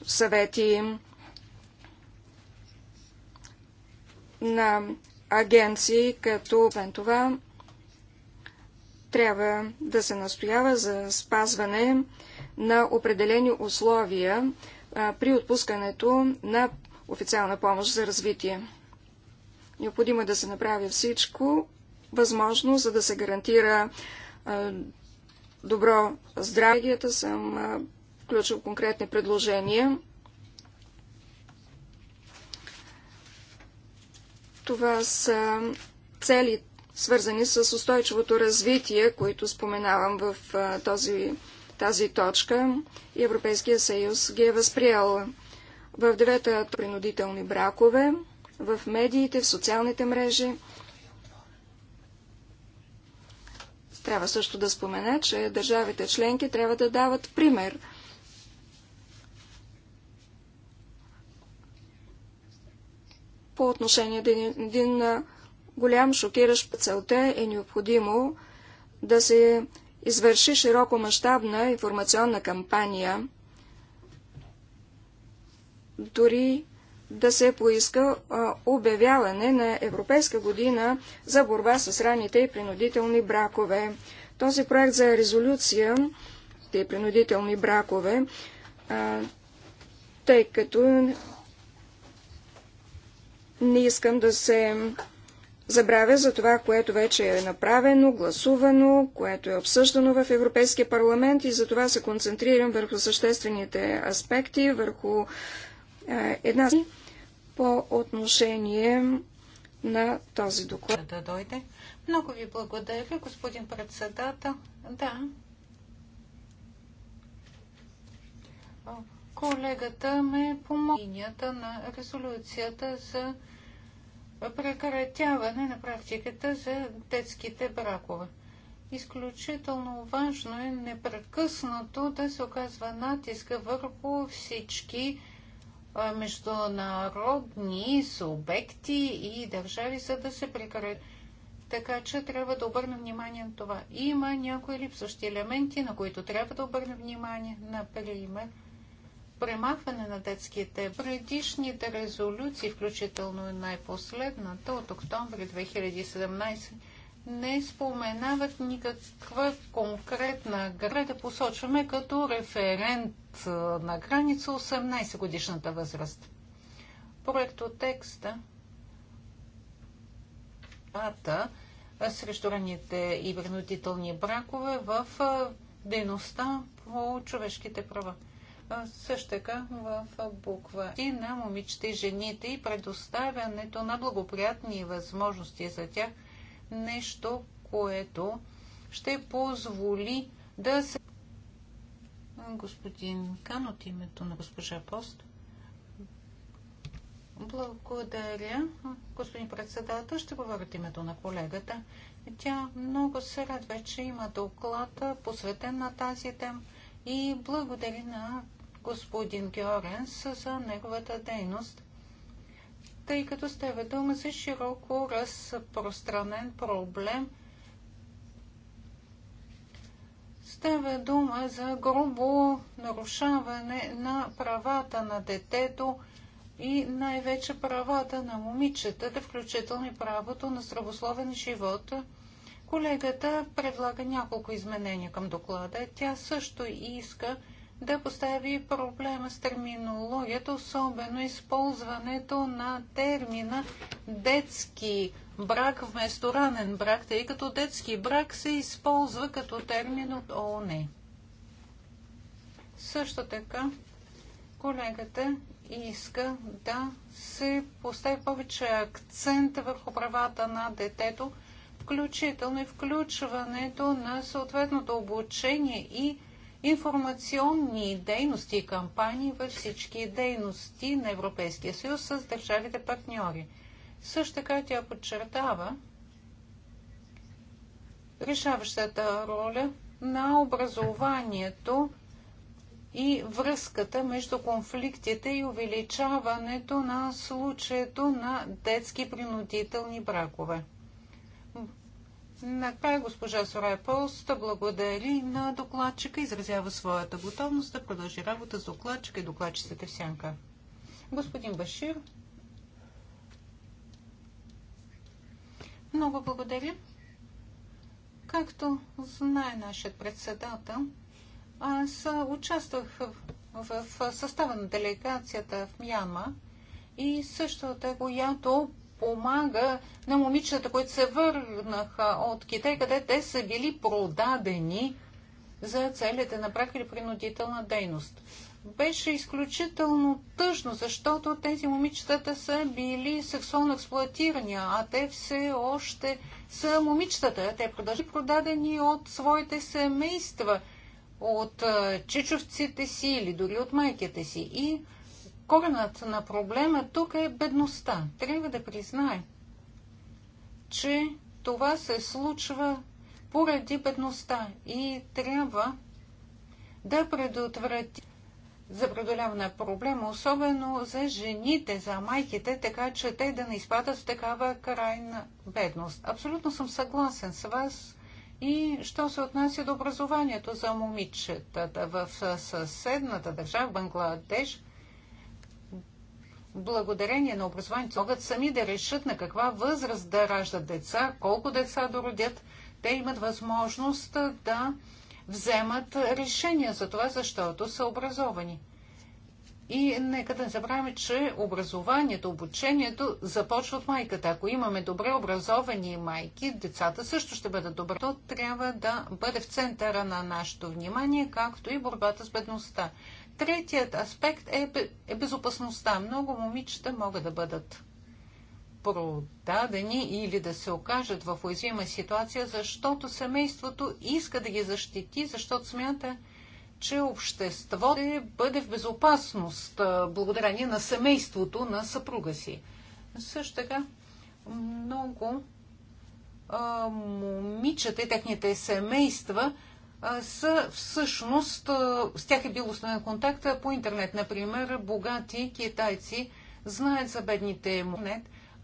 съвети на агенции, като това трябва да се настоява за спазване на определени условия а, при отпускането на официална помощ за развитие. Необходимо е да се направи всичко възможно, за да се гарантира а, добро здраве. Съм а, включил конкретни предложения. Това са целите свързани с устойчивото развитие, които споменавам в този, тази точка. И Европейския съюз ги е възприел в девета принудителни бракове, в медиите, в социалните мрежи. Трябва също да спомена, че държавите членки трябва да дават пример. По отношение на един, един голям шокиращ целта е необходимо да се извърши широко мащабна информационна кампания, дори да се поиска обявяване на Европейска година за борба с раните и принудителни бракове. Този проект за резолюция и принудителни бракове, тъй като не искам да се забравя за това, което вече е направено, гласувано, което е обсъждано в Европейския парламент и за това се концентрирам върху съществените аспекти, върху е, една по отношение на този доклад. Да дойде. Много ви благодаря, господин председател. Да. Колегата ме помогна на резолюцията за прекратяване на практиката за детските бракове. Изключително важно е непрекъснато да се оказва натиска върху всички международни субекти и държави, за да се прекратят. Така че трябва да обърнем внимание на това. Има някои липсващи елементи, на които трябва да обърнем внимание. Например, премахване на детските предишните резолюции, включително и най-последната от октомври 2017, не споменават никаква конкретна града. Посочваме като референт на граница 18 годишната възраст. Проекто текста ата срещу раните и принудителни бракове в дейността по човешките права също така в буква Т на момичета и жените и предоставянето на благоприятни възможности за тях, нещо, което ще позволи да се... Господин Кан от името на госпожа Пост. Благодаря. Господин председател, ще говоря от името на колегата. Тя много се радва, че има доклад посветен на тази тема и благодари на господин Георенс за неговата дейност, тъй като става дума за широко разпространен проблем. Става дума за грубо нарушаване на правата на детето и най-вече правата на момичетата, включително и правото на здравословен живот. Колегата предлага няколко изменения към доклада. Тя също иска да постави проблема с терминологията, особено използването на термина детски брак вместо ранен брак, тъй като детски брак се използва като термин от ООН. Също така, колегата иска да се постави повече акцент върху правата на детето, включително и включването на съответното обучение и информационни дейности и кампании във всички дейности на Европейския съюз с държавите партньори. Също така тя подчертава решаващата роля на образованието и връзката между конфликтите и увеличаването на случаето на детски принудителни бракове. Накрая госпожа Сорая Полста благодари на докладчика и изразява своята готовност да продължи работа с докладчика и докладчицата сянка. Господин Башир. Много благодаря. Както знае нашият председател, аз участвах в, в състава на делегацията в Мяма и също така, която помага на момичетата, които се върнаха от Китай, къде те са били продадени за целите на брак или принудителна дейност. Беше изключително тъжно, защото тези момичетата са били сексуално експлуатирани, а те все още са момичетата. Те продължи продадени от своите семейства, от чичовците си или дори от майките си. И коренът на проблема тук е бедността. Трябва да признае, че това се случва поради бедността и трябва да предотврати за преодоляване на проблема, особено за жените, за майките, така че те да не изпадат в такава крайна бедност. Абсолютно съм съгласен с вас. И що се отнася до образованието за момичетата в съседната държава, Бангладеш, благодарение на образованието могат сами да решат на каква възраст да раждат деца, колко деца да родят. Те имат възможност да вземат решения за това, защото са образовани. И нека да не забравяме, че образованието, обучението започва от майката. Ако имаме добре образовани майки, децата също ще бъдат добре. То трябва да бъде в центъра на нашето внимание, както и борбата с бедността. Третият аспект е, е безопасността. Много момичета могат да бъдат продадени или да се окажат в уязвима ситуация, защото семейството иска да ги защити, защото смята, че общество да е, бъде в безопасност благодарение на семейството на съпруга си. Също така, много а, момичета и техните семейства са всъщност, с тях е бил основен контакт по интернет. Например, богати китайци знаят за бедните му.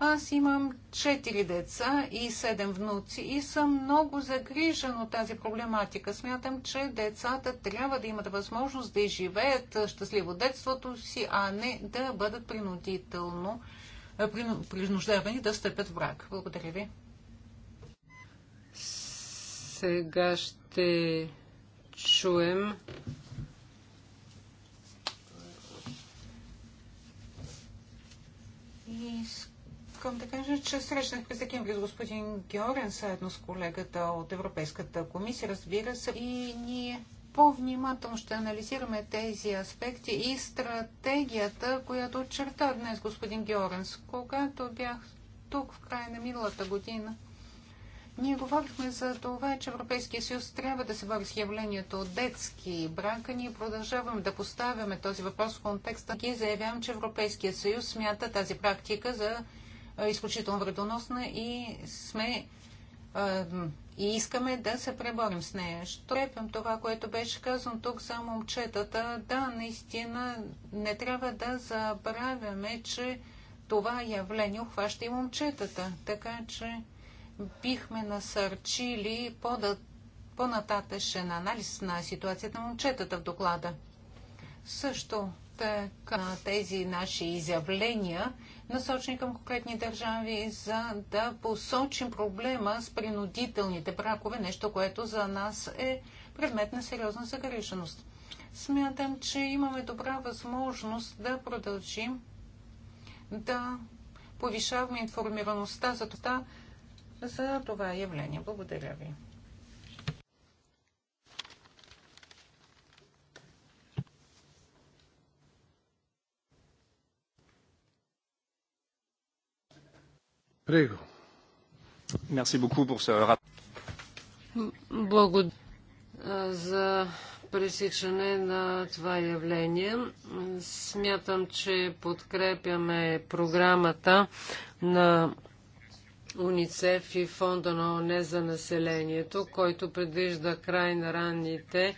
Аз имам 4 деца и 7 внуци и съм много загрижен от тази проблематика. Смятам, че децата трябва да имат възможност да изживеят щастливо детството си, а не да бъдат принудително принуждавани да стъпят в брак. Благодаря ви. Сега ще чуем Искам да кажа, че срещнах през декември с господин Георен, съедно с колегата от Европейската комисия, разбира се, и ние по-внимателно ще анализираме тези аспекти и стратегията, която очерта днес господин Георенс. Когато бях тук в края на миналата година, ние говорихме за това, че Европейския съюз трябва да се бори с явлението от детски брака. Ние продължаваме да поставяме този въпрос в контекста и заявявам, че Европейския съюз смята тази практика за изключително вредоносна и сме и искаме да се преборим с нея. Трепям това, което беше казано тук за момчетата. Да, наистина не трябва да забравяме, че това явление обхваща и момчетата. Така че бихме насърчили по-нататъчен анализ на ситуацията на момчетата в доклада. Също така тези наши изявления, насочени към конкретни държави, за да посочим проблема с принудителните бракове, нещо, което за нас е предмет на сериозна загрешеност. Смятам, че имаме добра възможност да продължим да повишаваме информираността за това, за това явление. Благодаря ви. Благодаря за пресичане на това явление. Смятам, че подкрепяме програмата на УНИЦЕФ и Фонда на ОНЕ за населението, който предвижда край на ранните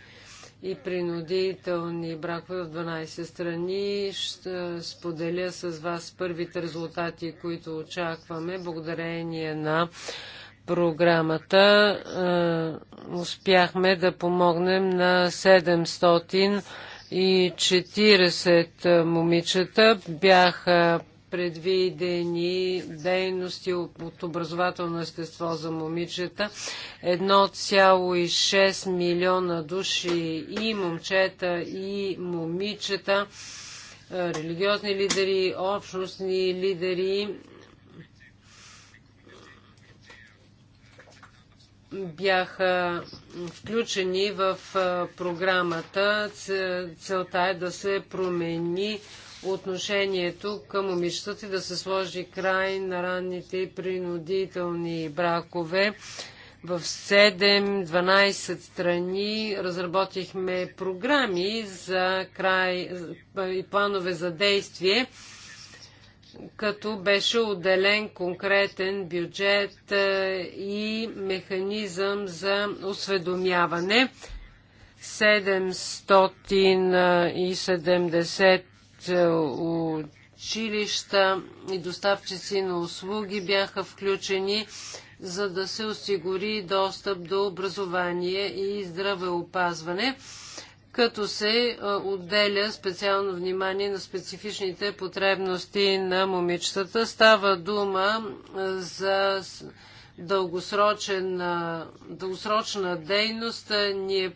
и принудителни бракове в 12 страни. Ще споделя с вас първите резултати, които очакваме благодарение на програмата. Е, успяхме да помогнем на 700 и 40 момичета бяха предвидени дейности от образователно естество за момичета. 1,6 милиона души и момчета, и момичета, е, религиозни лидери, общностни лидери бяха включени в е, програмата. Целта е да се промени отношението към момичетата и да се сложи край на ранните и принудителни бракове. В 7-12 страни разработихме програми за край и планове за действие, като беше отделен конкретен бюджет е, и механизъм за осведомяване. 770 училища и доставчици на услуги бяха включени, за да се осигури достъп до образование и здравеопазване като се отделя специално внимание на специфичните потребности на момичетата. Става дума за дългосрочна дейност. Ние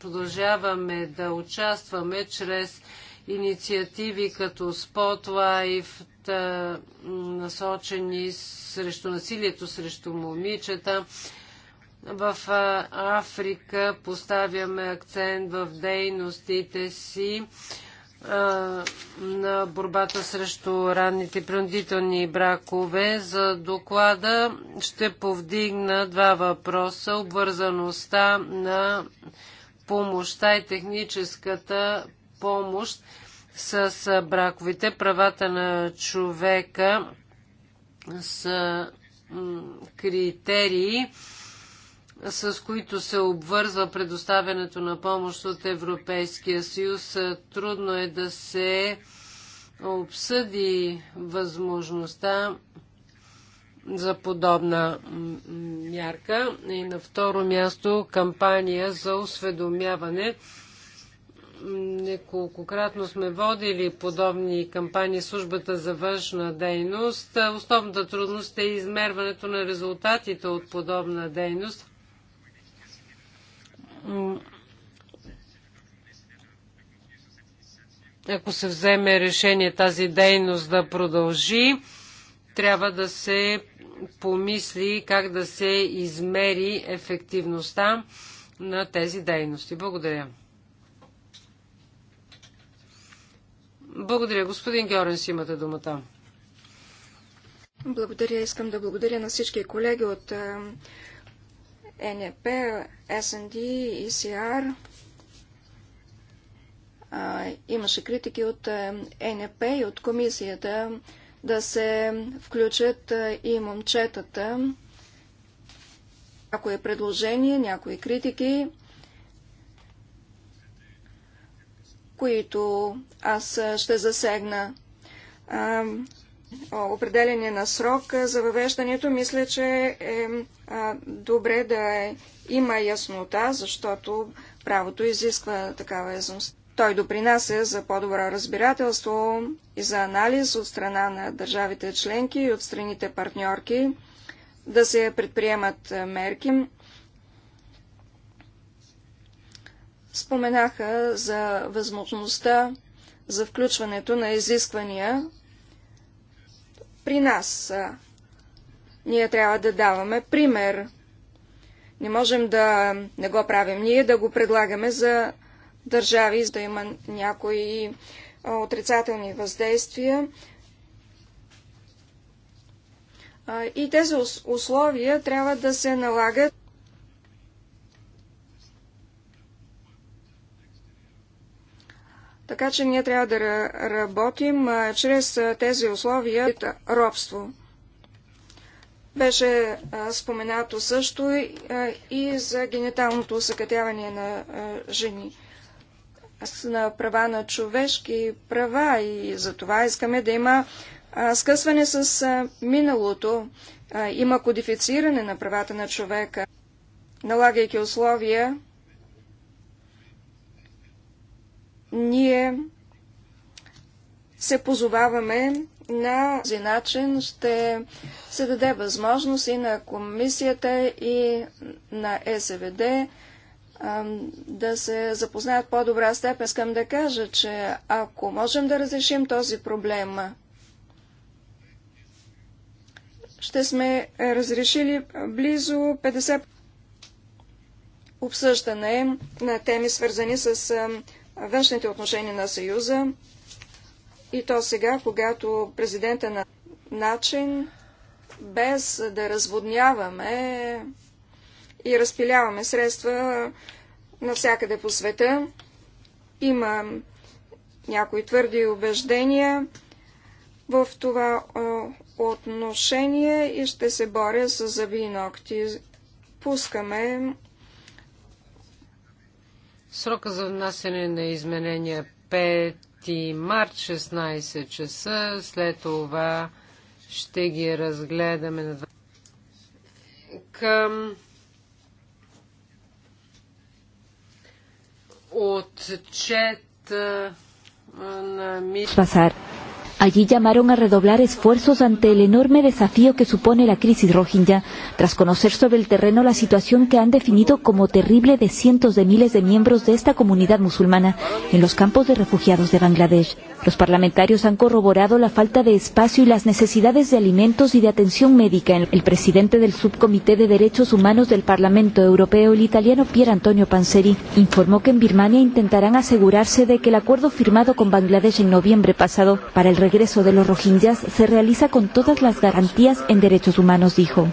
продължаваме да участваме чрез Инициативи като Spotlife, насочени срещу насилието срещу момичета. В Африка поставяме акцент в дейностите си на борбата срещу ранните принудителни бракове. За доклада ще повдигна два въпроса. Обвързаността на помощта и техническата помощ с браковите. Правата на човека са критерии, с които се обвързва предоставянето на помощ от Европейския съюз. Трудно е да се обсъди възможността за подобна мярка. И на второ място кампания за осведомяване Неколкократно сме водили подобни кампании службата за външна дейност. Основната трудност е измерването на резултатите от подобна дейност. Ако се вземе решение тази дейност да продължи, трябва да се помисли как да се измери ефективността на тези дейности. Благодаря. Благодаря. Господин Георенс, имате думата. Благодаря. Искам да благодаря на всички колеги от НЕП, СНД, ИСР. Имаше критики от НЕП и от комисията да се включат и момчетата. Някои предложения, някои критики. които аз ще засегна. А, определение на срок за въвеждането, мисля, че е а, добре да е, има яснота, защото правото изисква такава ясност. Той допринася за по-добро разбирателство и за анализ от страна на държавите членки и от страните партньорки да се предприемат мерки споменаха за възможността за включването на изисквания при нас. Ние трябва да даваме пример. Не можем да не го правим ние, да го предлагаме за държави, да има някои отрицателни въздействия. И тези условия трябва да се налагат Така че ние трябва да работим чрез тези условия робство. Беше споменато също и, за гениталното усъкътяване на жени. На права на човешки права и за това искаме да има скъсване с миналото. Има кодифициране на правата на човека, налагайки условия ние се позоваваме на този начин ще се даде възможност и на комисията и на СВД да се запознаят по-добра степен. Искам да кажа, че ако можем да разрешим този проблем, ще сме разрешили близо 50 обсъждане на теми, свързани с външните отношения на Съюза. И то сега, когато президента на начин, без да разводняваме и разпиляваме средства навсякъде по света, има някои твърди убеждения в това отношение и ще се боря с зъби и ногти. Пускаме Срока за внасяне на изменения 5 е март 16 часа. След това ще ги разгледаме на Към отчет на мисля. Allí llamaron a redoblar esfuerzos ante el enorme desafío que supone la crisis rohingya, tras conocer sobre el terreno la situación que han definido como terrible de cientos de miles de miembros de esta comunidad musulmana en los campos de refugiados de Bangladesh. Los parlamentarios han corroborado la falta de espacio y las necesidades de alimentos y de atención médica. El presidente del Subcomité de Derechos Humanos del Parlamento Europeo, el italiano Pier Antonio Panseri, informó que en Birmania intentarán asegurarse de que el acuerdo firmado con Bangladesh en noviembre pasado para el regreso de los rohingyas se realiza con todas las garantías en derechos humanos, dijo.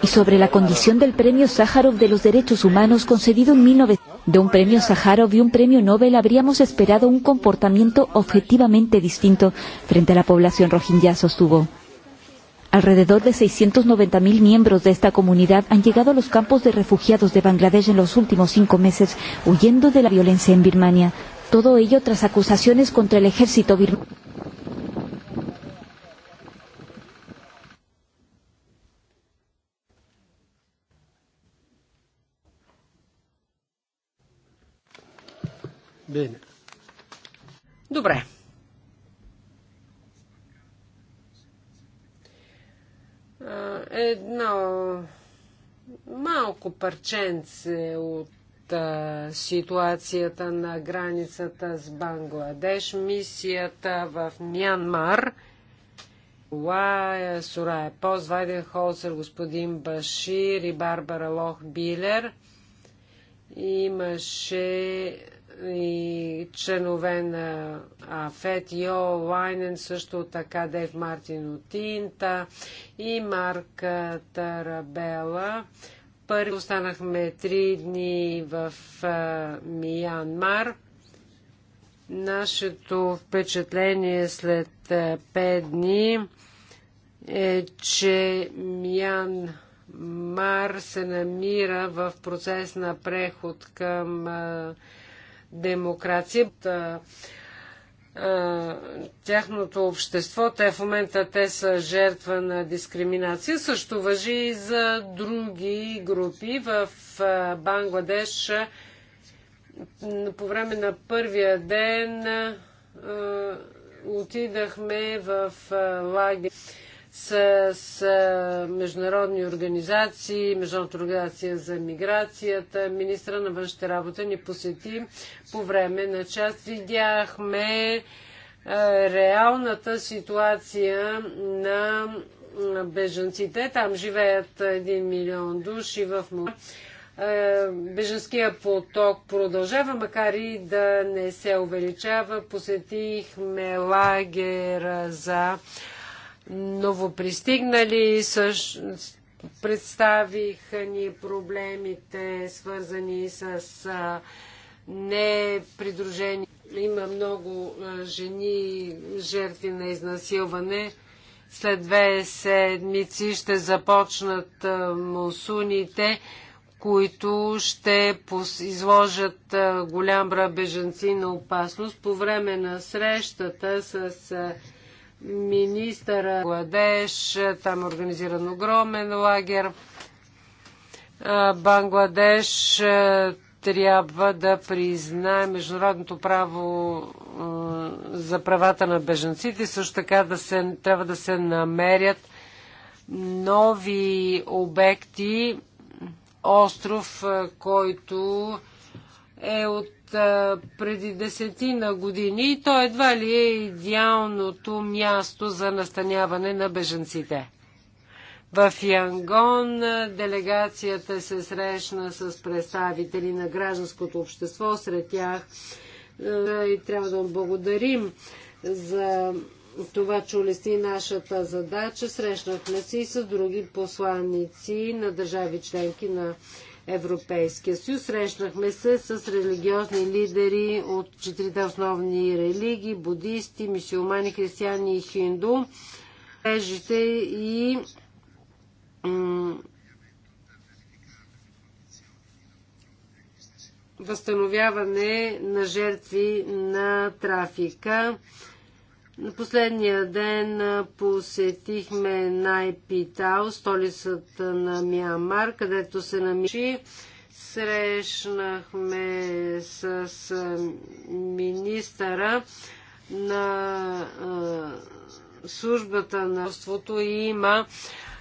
Y sobre la condición del premio Sájarov de los derechos humanos concedido en 1900. De un premio Sájarov y un premio Nobel habríamos esperado un comportamiento objetivamente distinto frente a la población rohingya, sostuvo. Alrededor de 690.000 miembros de esta comunidad han llegado a los campos de refugiados de Bangladesh en los últimos cinco meses, huyendo de la violencia en Birmania. Todo ello tras acusaciones contra el ejército birmano. Bene. Добре. Едно малко парченце от ситуацията на границата с Бангладеш, мисията в Мянмар. Лая Сурая Пост, Вайден Холцер, господин Башир и Барбара Лох Билер. Имаше и членове на Фет Йо Лайнен, също така Дейв Мартин от Инта и Марк Тарабела. Първи останахме три дни в Миянмар. Нашето впечатление след пет дни е, че Миян Мар се намира в процес на преход към демокрация. Тяхното общество, те в момента те са жертва на дискриминация. Също въжи и за други групи. В Бангладеш по време на първия ден отидахме в лагер с, с международни организации, Международната организация за миграцията. Министра на външните работа ни посети по време на част. Видяхме реалната ситуация на беженците. Там живеят 1 милион души в Беженския поток продължава, макар и да не се увеличава. Посетихме лагера за новопристигнали също представиха ни проблемите, свързани с непридружени. Има много жени жертви на изнасилване. След две седмици ще започнат мусуните, които ще изложат голям бра беженци на опасност. По време на срещата с министъра Бангладеш, там е организиран огромен лагер. Бангладеш трябва да признае международното право за правата на беженците, също така да се, трябва да се намерят нови обекти, остров, който е от а, преди десетина години и то едва ли е идеалното място за настаняване на беженците. В Янгон делегацията се срещна с представители на гражданското общество, сред тях и трябва да благодарим за това, чули улесни нашата задача. Срещнахме се и с други посланници на държави членки на Европейския съюз. Срещнахме се с религиозни лидери от четирите основни религии будисти, мисиомани, християни и хинду, режите и възстановяване на жертви на трафика. На последния ден посетихме Найпитал, столицата на Миямар, където се намиши. Срещнахме с министъра на службата на ството и има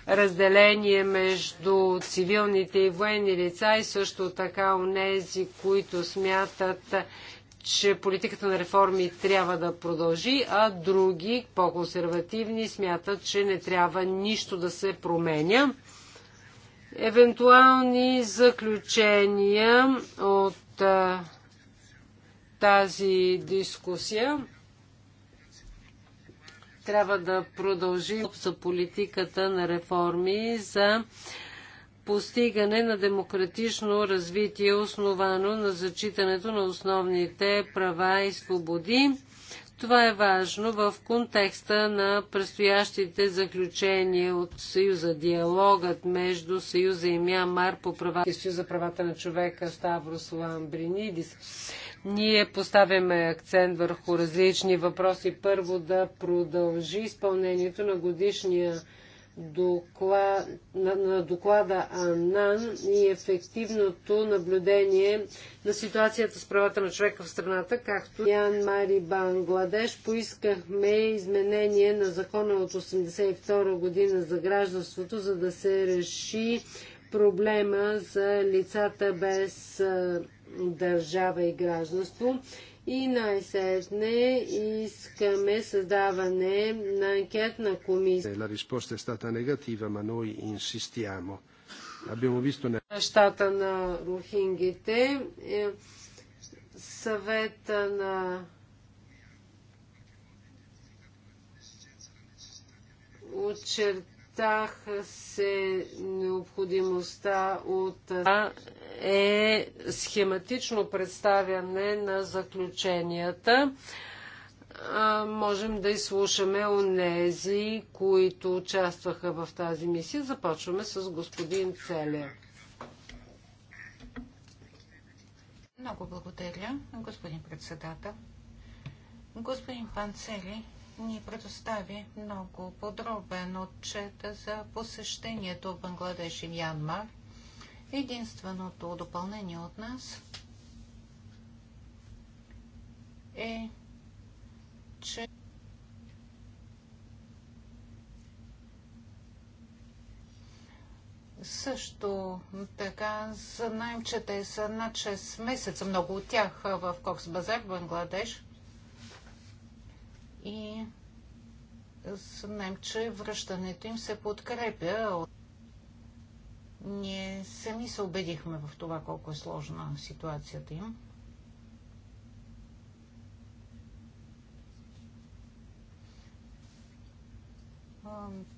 разделение между цивилните и военни лица и също така у нези, които смятат, че политиката на реформи трябва да продължи, а други, по-консервативни, смятат, че не трябва нищо да се променя. Евентуални заключения от а, тази дискусия трябва да продължи за политиката на реформи за постигане на демократично развитие, основано на зачитането на основните права и свободи. Това е важно в контекста на предстоящите заключения от Съюза. Диалогът между Съюза и Мямар по права и Съюза правата на човека Ставрос Ламбринидис. Ние поставяме акцент върху различни въпроси. Първо да продължи изпълнението на годишния доклад, на, на доклада АНАН и ефективното наблюдение на ситуацията с правата на човека в страната, както Ян Мари Бангладеш поискахме изменение на закона от 1982 година за гражданството, за да се реши проблема за лицата без държава и гражданство и най-сетне искаме създаване на анкетна комисия. La risposta è stata negativa, ma noi insistiamo. Abbiamo visto... nella Нещата на рухингите. Е, съвета на очерт Подчертах се необходимостта от е схематично представяне на заключенията. А, можем да изслушаме онези, които участваха в тази мисия. Започваме с господин Целя. Много благодаря, господин председател. Господин Панцели, ни предостави много подробен отчет за посещението в Бангладеш и Мянмар. Единственото допълнение от нас е, че също така знаем, че те са над 6 месеца, много от тях в Кокс Базар, Бангладеш и знаем, че връщането им се подкрепя ние сами се убедихме в това колко е сложна ситуацията им.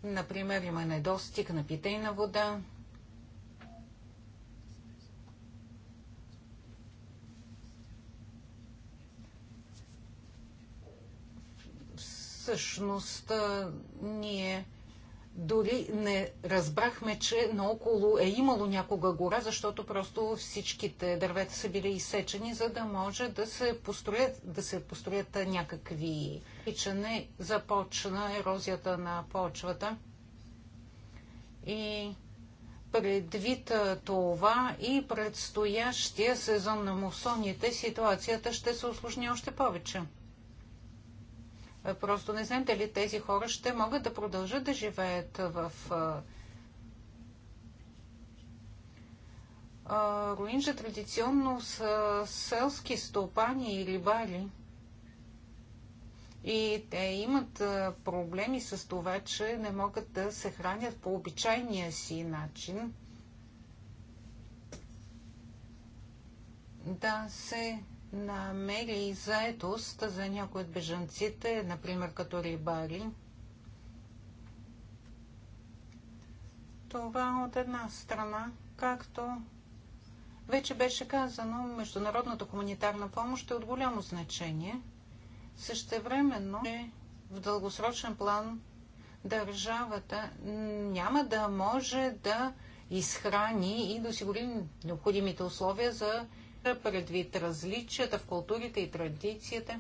Например, има недостиг на питейна вода, всъщност ние дори не разбрахме, че наоколо е имало някога гора, защото просто всичките дървета са били изсечени, за да може да се построят, да се построят някакви пичане. Започна ерозията на почвата. И предвид това и предстоящия сезон на мусоните, ситуацията ще се осложни още повече. Просто не знам дали тези хора ще могат да продължат да живеят в руинжа традиционно са селски стопани и рибари. И те имат проблеми с това, че не могат да се хранят по обичайния си начин. Да се намери и заетост за някои от бежанците, например като рибари. Това от една страна, както вече беше казано, международната хуманитарна помощ е от голямо значение. Същевременно, че в дългосрочен план държавата няма да може да изхрани и да осигури необходимите условия за предвид различията в културите и традициите,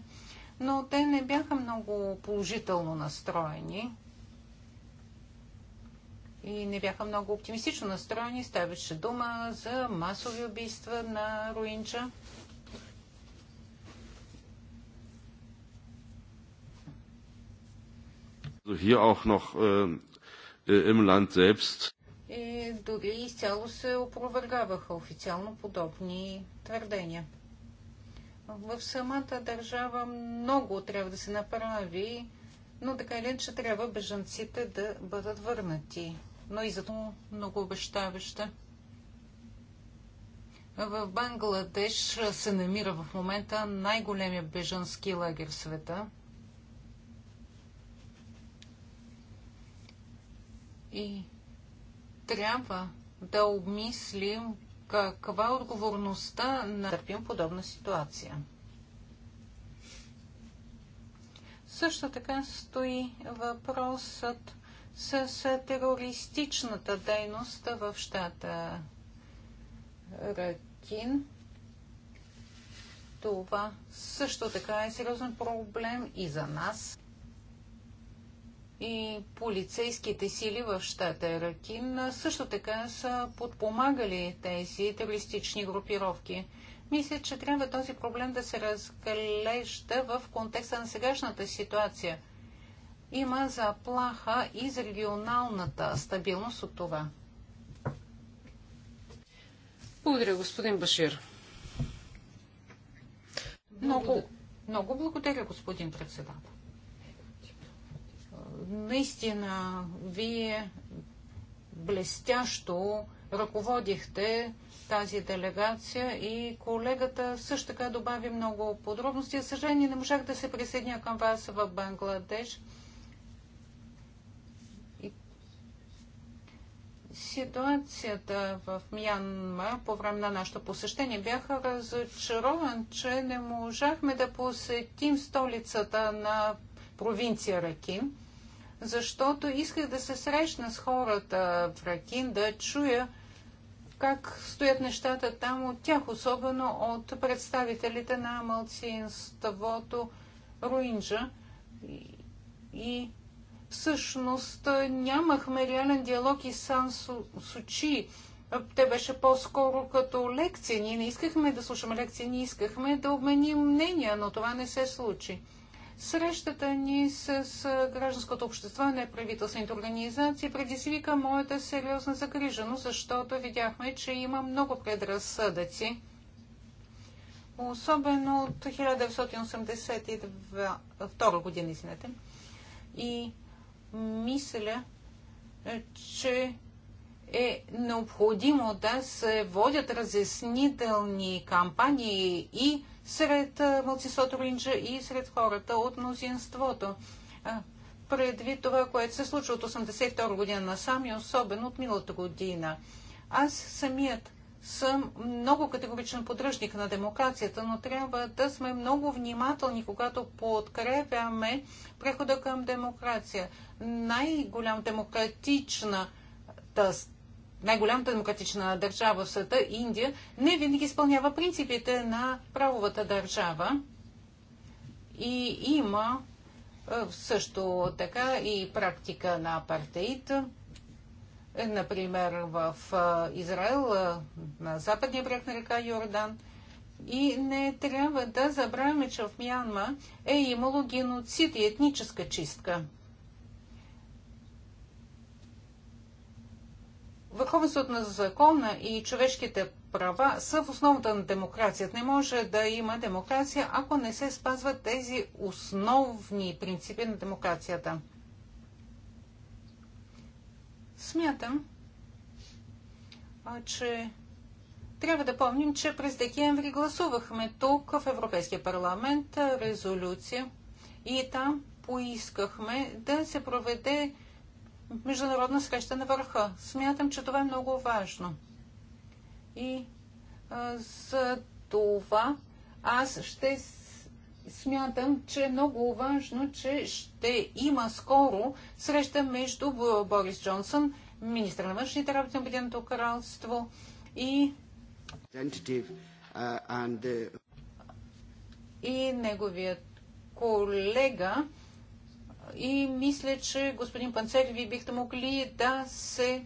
но те не бяха много положително настроени и не бяха много оптимистично настроени. Ставаше дума за масови убийства на Руинджа. Hier auch noch äh, äh im Land selbst и е, дори изцяло се опровергаваха официално подобни твърдения. В самата държава много трябва да се направи, но така или иначе трябва бежанците да бъдат върнати. Но и зато много обещаваща. В Бангладеш се намира в момента най-големия бежански лагер в света. И трябва да обмислим каква е отговорността на търпим подобна ситуация. Също така стои въпросът с терористичната дейност в щата Ракин. Това също така е сериозен проблем и за нас и полицейските сили в щата Ракин също така са подпомагали тези терористични групировки. Мисля, че трябва този проблем да се разглежда в контекста на сегашната ситуация. Има заплаха и за регионалната стабилност от това. Благодаря, господин Башир. Много, много благодаря, господин председател. Наистина, вие блестящо ръководихте тази делегация и колегата също така добави много подробности. За съжаление, не можах да се присъединя към вас в Бангладеш. И... Ситуацията в Мянма по време на нашето посещение бяха разочарован, че не можахме да посетим столицата на провинция Ракин защото исках да се срещна с хората в Ракин, да чуя как стоят нещата там от тях, особено от представителите на малцинството Руинджа. И, всъщност нямахме реален диалог и сам Сучи. Те беше по-скоро като лекция. Ние не искахме да слушаме лекции, ние искахме да обменим мнения, но това не се случи. Срещата ни с гражданското общество и неправителствените организации предизвика моята сериозна загриженост, защото видяхме, че има много предразсъдъци. Особено от 1982 година, извинете. И мисля, че е необходимо да се водят разяснителни кампании и сред мълцинството Ринджа и сред хората от мнозинството. Предвид това, което се случва от 1982 година насам и особено от миналата година. Аз самият съм много категоричен поддръжник на демокрацията, но трябва да сме много внимателни, когато подкрепяме прехода към демокрация. Най-голям тъст най-голямата демократична държава в света, Индия, не винаги изпълнява принципите на правовата държава. И има също така и практика на апартеид. Е, например, в Израел, на западния бряг на река Йордан. И не трябва да забравяме, че в Мянма е имало геноцид и етническа чистка. Върховенството на закона и човешките права са в основата на демокрацията. Не може да има демокрация, ако не се спазват тези основни принципи на демокрацията. Смятам, че трябва да помним, че през декември гласувахме тук в Европейския парламент резолюция и там поискахме да се проведе международна среща на върха. Смятам, че това е много важно. И а, за това аз ще смятам, че е много важно, че ще има скоро среща между Борис Джонсън, министър на външните работи на Обединеното кралство и uh, uh, и неговият колега, и мисля, че господин Панцер, ви бихте могли да се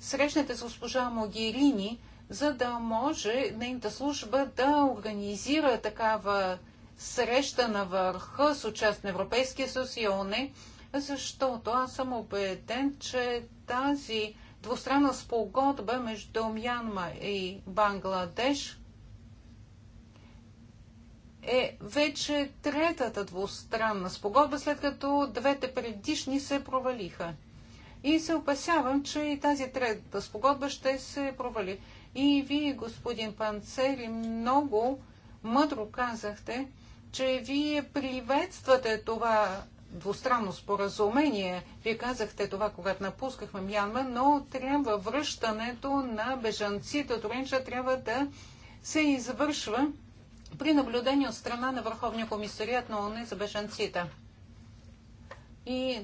срещнете с госпожа Могерини, за да може нейната служба да организира такава среща на върха с участ на Европейския съюз и ОНЕ, защото аз съм убеден, че тази двустранна спогодба между Мянма и Бангладеш е вече третата двустранна спогодба, след като двете предишни се провалиха. И се опасявам, че и тази трета спогодба ще се провали. И вие, господин Панцери, много мъдро казахте, че вие приветствате това двустранно споразумение. Вие казахте това, когато напускахме Мянма, но трябва връщането на бежанците от Ренча трябва да се извършва при наблюдение от страна на Върховния комисариат на ОНЕ за бежанците. И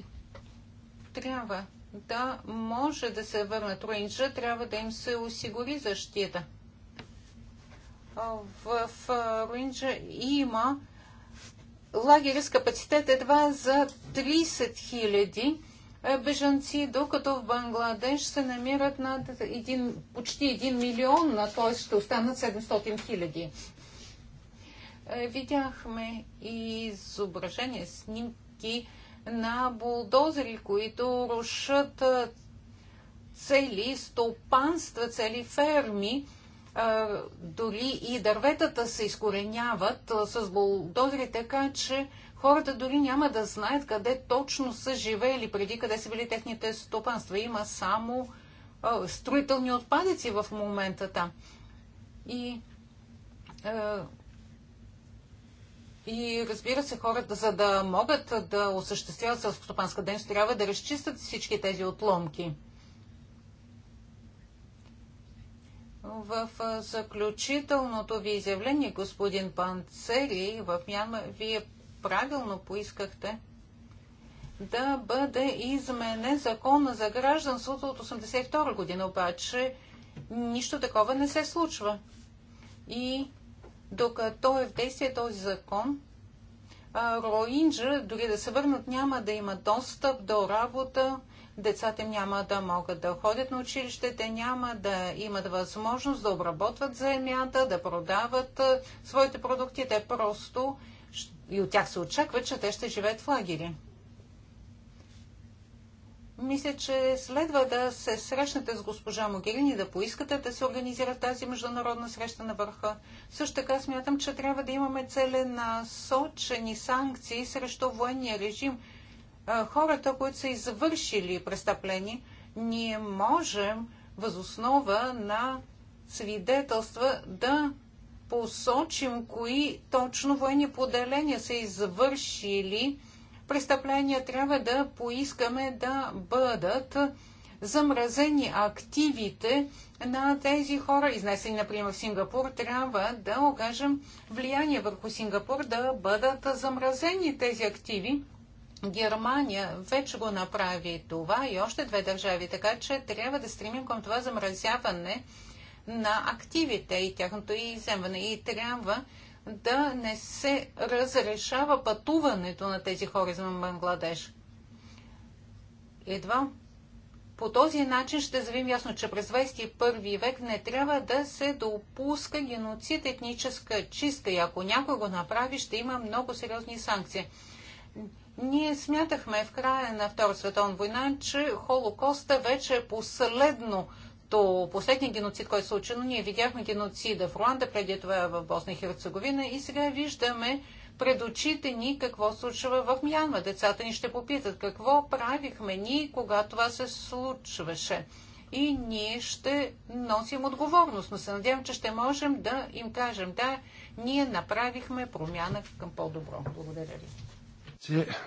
трябва да може да се върнат рейнджа, трябва да им се осигури защита. В Руинджа има лагери с капацитет едва за 30 хиляди бежанци, докато в Бангладеш се намират над един, почти 1 милион, т.е. ще останат 700 хиляди. Е, видяхме и изображения, снимки на булдозери, които рушат е, цели стопанства, цели ферми. Е, дори и дърветата се изкореняват с булдозери, така че хората дори няма да знаят къде точно са живеели преди, къде са били техните стопанства. Има само строителни отпадъци в момента там. И и разбира се, хората, за да могат да осъществяват селскостопанска дейност, трябва да разчистят всички тези отломки. В заключителното ви изявление, господин Панцери, в Мянма, вие правилно поискахте да бъде изменен закона за гражданството от 1982 година, обаче нищо такова не се случва. И докато е в действие този закон, роинджа, дори да се върнат, няма да има достъп до работа, децата няма да могат да ходят на училище, те няма да имат възможност да обработват земята, да продават своите продукти, те просто и от тях се очаква, че те ще живеят в лагери. Мисля, че следва да се срещнете с госпожа Могерини, да поискате да се организира тази международна среща на върха. Също така смятам, че трябва да имаме целенасочени санкции срещу военния режим. Хората, които са извършили престъпление, ние можем възоснова на свидетелства да посочим кои точно военни поделения са извършили престъпления, трябва да поискаме да бъдат замразени активите на тези хора, изнесени, например, в Сингапур, трябва да окажем влияние върху Сингапур, да бъдат замразени тези активи. Германия вече го направи това и още две държави, така че трябва да стремим към това замразяване на активите и тяхното иземване. И трябва да не се разрешава пътуването на тези хора извън Бангладеш. Едва по този начин ще завим ясно, че през 21 век не трябва да се допуска геноцид, етническа чистка и ако някой го направи, ще има много сериозни санкции. Ние смятахме в края на Втора световна война, че Холокоста вече е последно то последния геноцид, който е случи, но ние видяхме геноцида в Руанда, преди това е в Босна и Херцеговина и сега виждаме пред очите ни какво случва в Мянма. Децата ни ще попитат какво правихме ние, когато това се случваше. И ние ще носим отговорност, но се надявам, че ще можем да им кажем, да, ние направихме промяна към по-добро. Благодаря ви.